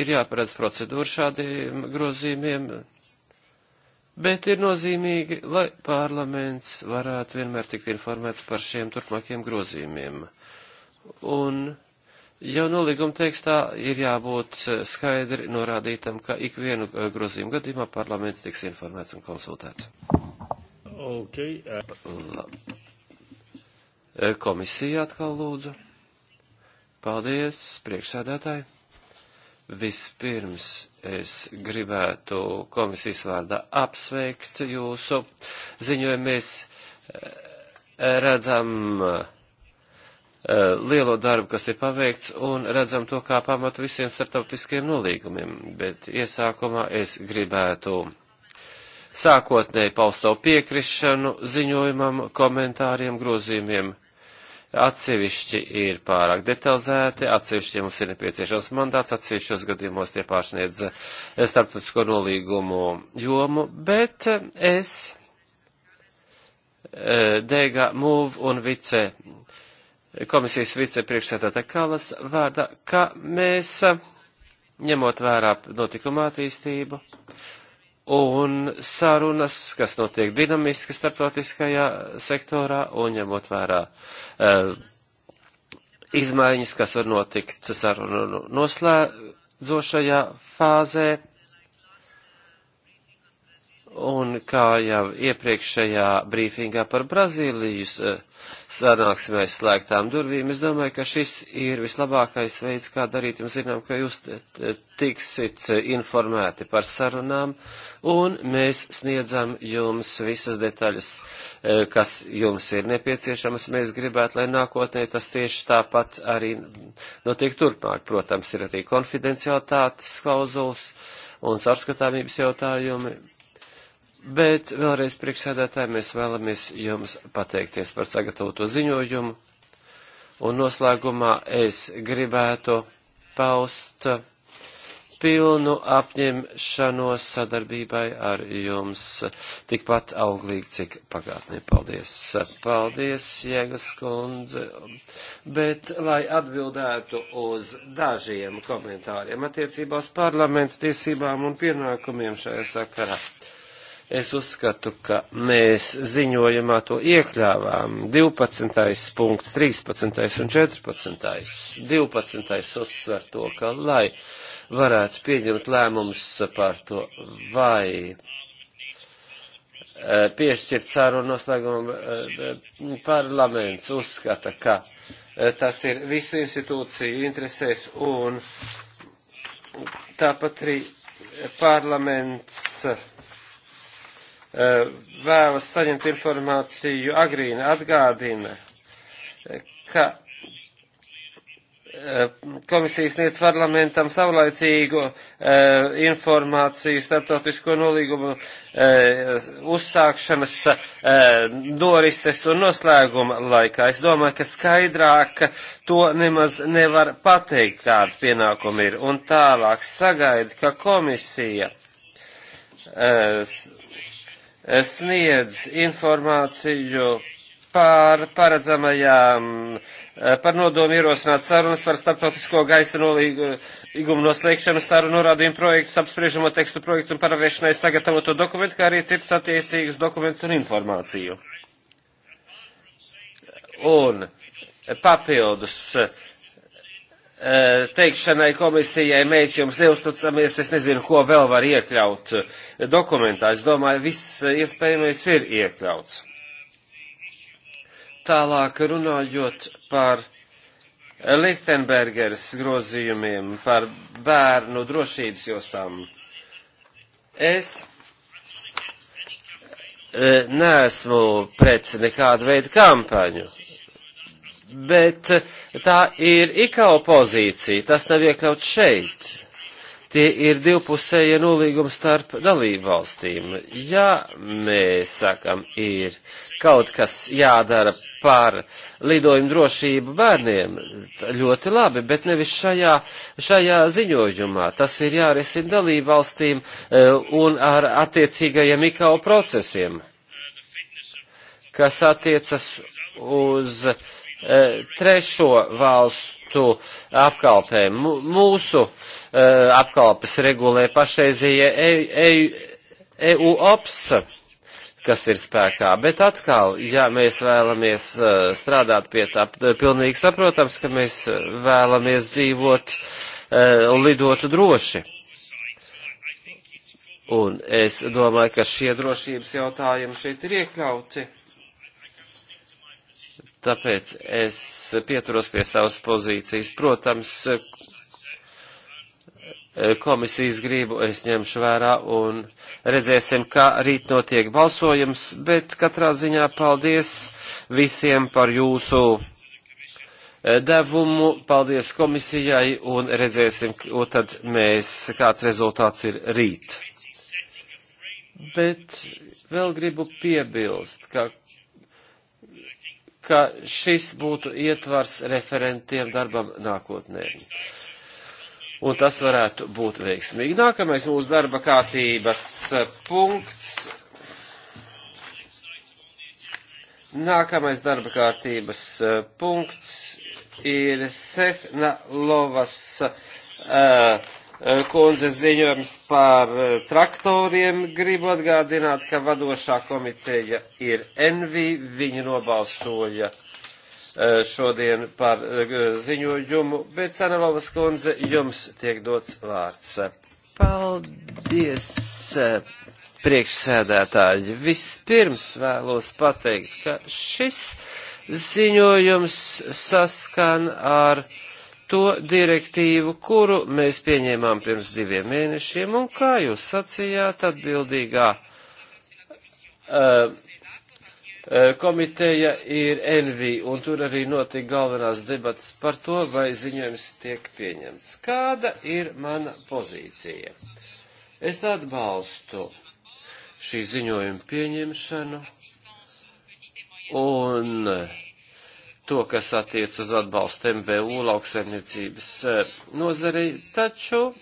ir jāparedz procedūra šādiem grozījumiem, bet ir nozīmīgi, lai parlaments varētu vienmēr tikt informēts par šiem turpmākiem grozījumiem. Uh, Un jau nolīguma tekstā ir jābūt e, skaidri norādītam, ka ikvienu e, grozījumu gadījumā parlaments tiks informēts un konsultēts. Okay. E. Labi. Komisija atkal lūdzu. Paldies, priekšsēdētāji. Vispirms es gribētu komisijas vārdā apsveikt jūsu ziņojumu. Mēs redzam, uh, Eh, lielo darbu, kas ir paveikts, un redzam to kā pamatu visiem startautiskiem nolīgumiem. Bet iesākumā es gribētu sākotnēji paust savu piekrišanu ziņojumam, komentāriem, grozījumiem. Atsevišķi ir pārāk detalizēti, atsevišķi mums ir nepieciešams mandāts, atsevišķos gadījumos tie pārsniedz eh, starptautisko nolīgumu jomu, bet eh, es Dēga Mūv un Vice komisijas vicepriekšsēdētāja Kalas vārdā, ka mēs, ņemot vērā notikuma attīstību un sarunas, kas notiek dinamiski starptautiskajā sektorā un ņemot vērā uh, izmaiņas, kas var notikt sarunu noslēdzošajā fāzē, Un kā jau iepriekšējā brīfingā par Brazīliju eh, sanāksmē slēgtām durvīm, es domāju, ka šis ir vislabākais veids, kā darīt. Jums zinām, ka jūs tiksit eh, informēti par sarunām, un mēs sniedzam jums visas detaļas, eh, kas jums ir nepieciešamas. Mēs gribētu, lai nākotnē tas tieši tāpat arī notiek turpmāk. Protams, ir arī konfidencialitātes klauzulas un sarskatāmības jautājumi Bet vēlreiz priekšsēdētāji mēs vēlamies jums pateikties par sagatavoto ziņojumu. Un noslēgumā es gribētu paust pilnu apņemšanos sadarbībai ar jums tikpat auglīgi, cik pagātnē. Paldies! Paldies, Jēgas kundze! Bet, lai atbildētu uz dažiem komentāriem attiecībā uz parlamentu tiesībām un pienākumiem šajā sakarā. Es uzskatu, ka mēs ziņojumā to iekļāvām. 12. punkts, 13. un 14. 12. uzsver to, ka lai varētu pieņemt lēmumus par to, vai eh, piešķirt sarunu noslēgumu eh, parlaments uzskata, ka eh, tas ir visu institūciju interesēs un tāpat arī parlaments Eh, vēlas saņemt informāciju agrīni, atgādina, eh, ka eh, komisijas sniedz parlamentam savlaicīgu e, informāciju starptautisko nolīgumu e, uzsākšanas e, norises un noslēguma laikā. Es domāju, ka skaidrāk to nemaz nevar pateikt, kāda pienākuma ir. Un tālāk sagaida, ka komisija s, sniedz informāciju par paredzamajām, eh, par nodomu ierosināt sarunas par starptautisko gaisa nolīgumu noslēgšanu sarunu norādījumu projektus, apspriežamo tekstu projektu un paraviešanai sagatavoto dokumentu, kā arī citus attiecīgus dokumentus un informāciju. Un papildus uh, Eh, teikšanai komisijai, mēs jums neuzticamies, es nezinu, ko vēl var iekļaut dokumentā. Es domāju, viss iespējamais ir iekļauts. Tālāk runājot par Lichtenbergeras grozījumiem, par bērnu drošības jostām. Es eh, neesmu pret nekādu veidu kampaņu bet eh, tā ir ikau pozīcija, tas nav iekļauts šeit. Tie ir divpusēja nolīguma starp dalību valstīm. Ja mēs sakam, ir kaut kas jādara par lidojumu drošību bērniem, ļoti labi, bet nevis šajā, šajā ziņojumā. Tas ir jārisina dalību valstīm eh, un ar attiecīgajiem ikau procesiem, kas attiecas uz uh, Eh, trešo valstu apkalpē. Mūsu eh, apkalpes regulē pašreizie EU e, e OPS kas ir spēkā. Bet atkal, ja mēs vēlamies eh, strādāt pie tā, pilnīgi saprotams, ka mēs vēlamies dzīvot, lidot droši. Un es domāju, ka šie drošības jautājumi šeit ir iekļauti tāpēc es pieturos pie savas pozīcijas. Protams, komisijas gribu es ņemšu vērā un redzēsim, kā rīt notiek balsojums, bet katrā ziņā paldies visiem par jūsu e, devumu, paldies komisijai un redzēsim, ko tad mēs, kāds rezultāts ir rīt. Bet vēl gribu piebilst, ka ka šis būtu ietvars referentiem darbam nākotnē. Un tas varētu būt veiksmīgi. Nākamais mūsu darba kārtības eh, punkts. Nākamais darba kārtības eh, punkts ir Sehna Lovas. Uh, Eh, kundzes ziņojums par eh, traktoriem. Gribu atgādināt, ka vadošā komiteja ir Envi. Viņi nobalsoja eh, šodien par ziņojumu, bet Cenelovas kundze, jums tiek dots vārds. Paldies, priekšsēdētāji. Vispirms vēlos pateikt, ka šis ziņojums saskan ar to direktīvu, kuru mēs pieņēmām pirms diviem mēnešiem, un kā jūs sacījāt, atbildīgā uh, komiteja ir NV, un tur arī notika galvenās debatas par to, vai ziņojums tiek pieņemts. Kāda ir mana pozīcija? Es atbalstu šī ziņojuma pieņemšanu, un uh, to, kas attiec uz atbalstu MVU lauksaimniecības eh, nozarei, taču eh,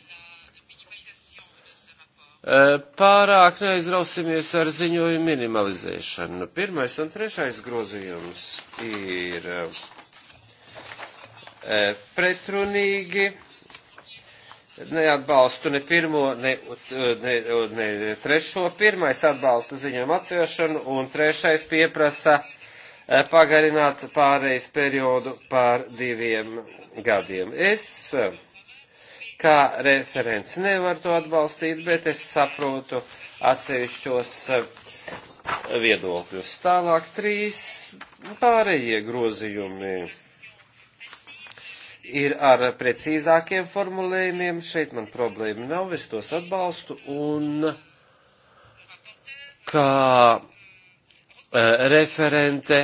pārāk neaizrausimies ar ziņojumu minimalizēšanu. Pirmais un trešais grozījums ir eh, pretrunīgi. Neatbalstu ne pirmo, ne, ne, ne trešo. Pirmais atbalsta ziņojumu atcelšanu un trešais pieprasa uh, Eh, pagarināt pārejas periodu pār diviem gadiem. Es eh, kā referents nevaru to atbalstīt, bet es saprotu atsevišķos eh, viedokļus. Tālāk trīs pārējie grozījumi ir ar precīzākiem formulējumiem. Šeit man problēma nav, es tos atbalstu. Un kā Eh, referente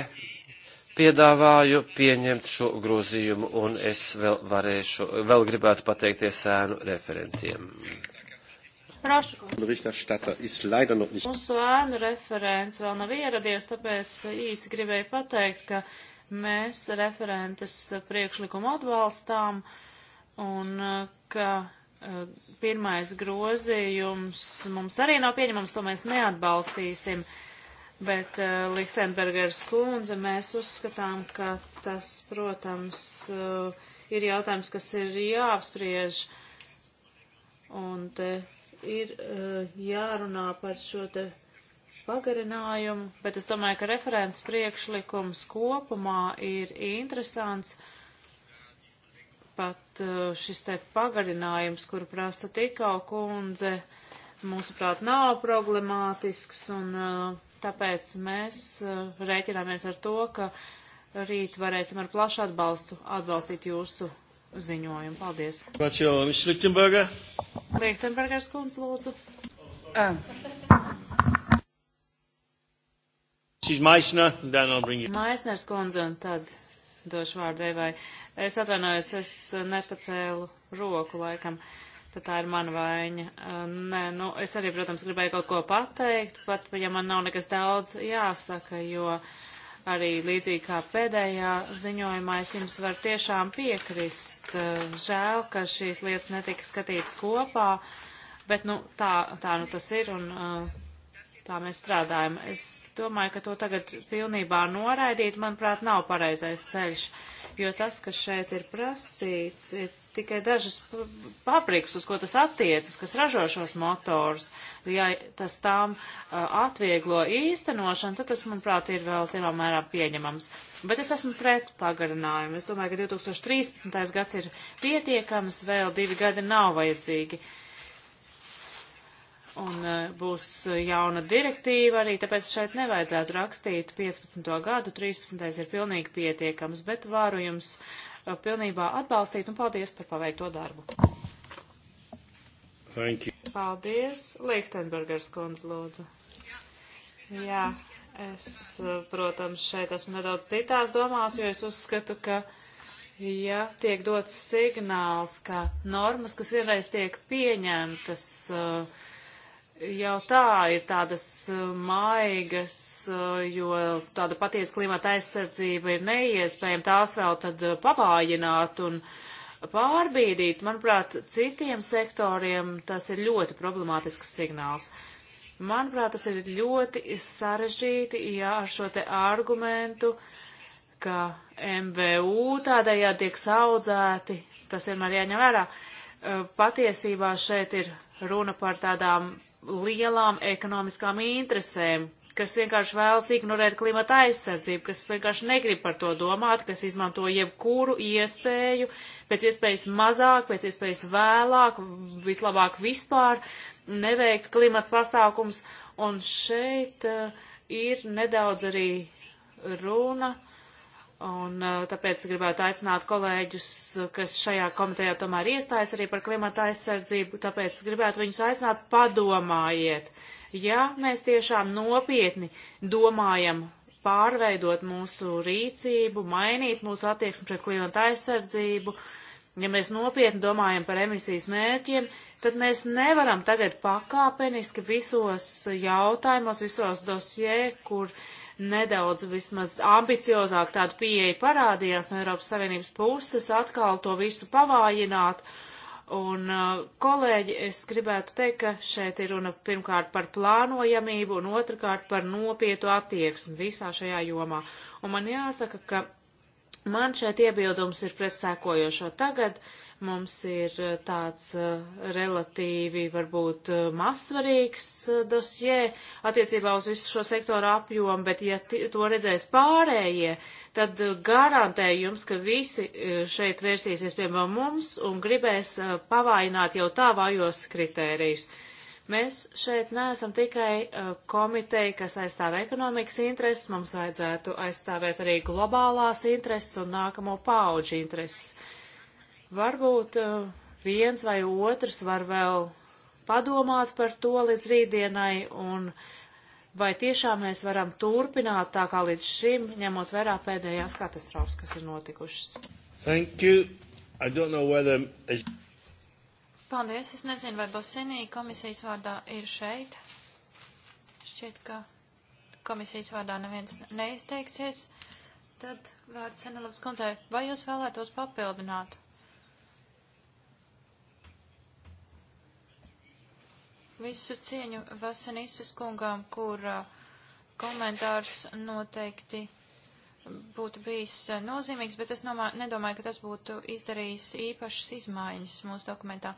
piedāvāju pieņemt šo grozījumu, un es vēl varēšu, vēl gribētu pateikties sēnu referentiem. Prašu. Mūsu ēnu referents vēl nav ieradies, tāpēc īsi gribēju pateikt, ka mēs referentes priekšlikumu atbalstām un eh, ka eh, pirmais grozījums mums arī nav pieņemams, to mēs neatbalstīsim. Uh, Bet uh, Lichtenbergers kundze, mēs uzskatām, ka tas, protams, uh, ir jautājums, kas ir jāapspriež. Un te ir uh, jārunā par šo te pagarinājumu, bet es domāju, ka referents priekšlikums kopumā ir interesants. Pat uh, šis te pagarinājums, kuru prasa tikau kundze, mūsuprāt, nav problemātisks. Un, uh, Tāpēc mēs eh, rēķināmies ar to, ka rīt varēsim ar plašu atbalstu atbalstīt jūsu ziņojumu. Paldies. Paldies, Lichtenberger. Lichtenbergers kundz, lūdzu. Ah. Maisner, Maisners kundze un tad došu vārdu Evai. Es atvainojos, es eh, nepacēlu roku laikam. Uh, tad tā ir mana vaiņa. Nē, nu, es arī, protams, gribēju kaut ko pateikt, pat ja man nav nekas daudz jāsaka, jo arī līdzīgi kā pēdējā ziņojumā es jums varu tiešām piekrist. Žēl, ka šīs lietas netika skatītas kopā, bet, nu, tā, tā nu tas ir un tā mēs strādājam. Es domāju, ka to tagad pilnībā noraidīt, manuprāt, nav pareizais ceļš, jo tas, kas šeit ir prasīts, ir tikai dažas papriks, uz ko tas attiecas, kas ražo šos motors, ja tas tām uh, atvieglo īstenošanu, tad tas, manuprāt, ir vēl zilā mērā pieņemams. Bet es esmu pret pagarinājumu. Es domāju, ka 2013. gads ir pietiekams, vēl divi gadi nav vajadzīgi. Un uh, būs jauna direktīva arī, tāpēc šeit nevajadzētu rakstīt 15. gadu, 13. ir pilnīgi pietiekams, bet varu jums uh, pilnībā atbalstīt un paldies par paveikto darbu. Paldies, Lichtenbergers kundze lūdzu. Jā, es, protams, šeit esmu nedaudz citās domās, jo es uzskatu, ka, ja tiek dots signāls, ka normas, kas vienreiz tiek pieņemtas, uh, jau tā ir tādas uh, maigas, uh, jo tāda patiesa klimata aizsardzība ir neiespējama tās vēl tad uh, pavājināt un pārbīdīt. Manuprāt, citiem sektoriem tas ir ļoti problemātisks signāls. Manuprāt, tas ir ļoti sarežģīti, ja ar šo te argumentu, ka MVU tādējādi tiek saudzēti, tas vienmēr jāņem vērā. Patiesībā šeit ir runa par tādām lielām ekonomiskām interesēm, kas vienkārši vēlas ignorēt klimata aizsardzību, kas vienkārši negrib par to domāt, kas izmanto jebkuru iespēju, pēc iespējas mazāk, pēc iespējas vēlāk, vislabāk vispār neveikt klimata pasākums. Un šeit uh, ir nedaudz arī runa Un uh, tāpēc gribētu aicināt kolēģus, uh, kas šajā komitejā tomēr iestājas arī par klimata aizsardzību, tāpēc gribētu viņus aicināt padomājiet. Ja mēs tiešām nopietni domājam pārveidot mūsu rīcību, mainīt mūsu attieksmi pret klimata aizsardzību, ja mēs nopietni domājam par emisijas mērķiem, tad mēs nevaram tagad pakāpeniski visos jautājumos, visos dosjē, kur uh, nedaudz vismaz ambiciozāk tāda pieeja parādījās no Eiropas Savienības puses, atkal to visu pavājināt. Un, uh, kolēģi, es gribētu teikt, ka šeit ir runa pirmkārt par plānojamību un otrkārt par nopietu attieksmi visā šajā jomā. Un man jāsaka, ka man šeit iebildums ir pret sēkojošo tagad. Uh, Mums ir eh, tāds eh, relatīvi, varbūt, eh, mazsvarīgs dosjē attiecībā uz visu šo sektoru apjomu, bet ja to redzēs pārējie, tad garantēju jums, ka visi šeit vērsīsies pie mums un gribēs pavājināt jau tā vājos kritērijus. Mēs šeit neesam tikai uh, komiteja, kas aizstāv ekonomikas intereses, mums vajadzētu aizstāvēt arī globālās intereses un nākamo pauģu intereses. Varbūt eh, viens vai otrs var vēl padomāt par to līdz rītdienai un vai tiešām mēs varam turpināt tā kā līdz šim, ņemot vērā pēdējās katastrofas, kas ir notikušas. Thank you. I don't know whether... Paldies, es nezinu, vai Bosinī komisijas vārdā ir šeit. Šķiet, ka komisijas vārdā neviens neizteiksies. Tad vārds Senelovs kundzei, vai jūs vēlētos papildināt? visu cieņu Vasanisas kungām, kur komentārs noteikti būtu bijis nozīmīgs, bet es nomā, nedomāju, ka tas būtu izdarījis īpašas izmaiņas mūsu dokumentā.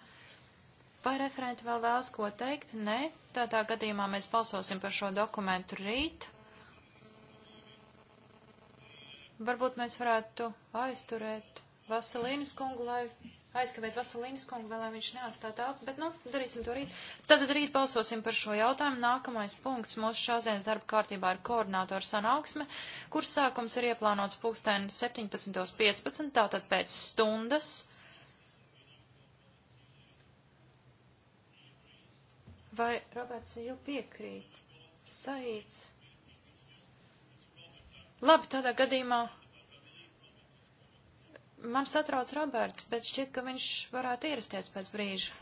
Vai referenti vēl vēlas ko teikt? Nē, tādā gadījumā mēs balsosim par šo dokumentu rīt. Varbūt mēs varētu aizturēt Vasalīnas kungu, lai aizkavēt Vasalīnas kungu, vēl lai viņš neatstātu tālpu, bet, nu, darīsim to rīt. Tad rīt balsosim par šo jautājumu. Nākamais punkts mūsu šādienas darba kārtībā ir koordinātora sanāksme, kuras sākums ir ieplānots pulkstēn 17.15, tātad pēc stundas. Vai Roberts jau piekrīt? Saīts. Labi, tādā gadījumā Man satrauc Roberts, bet šķiet, ka viņš varētu ierasties pēc brīža.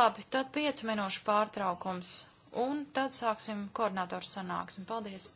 Labi, tad piecu minūšu pārtraukums, un tad sāksim koordinātoru sanāksmi. Paldies!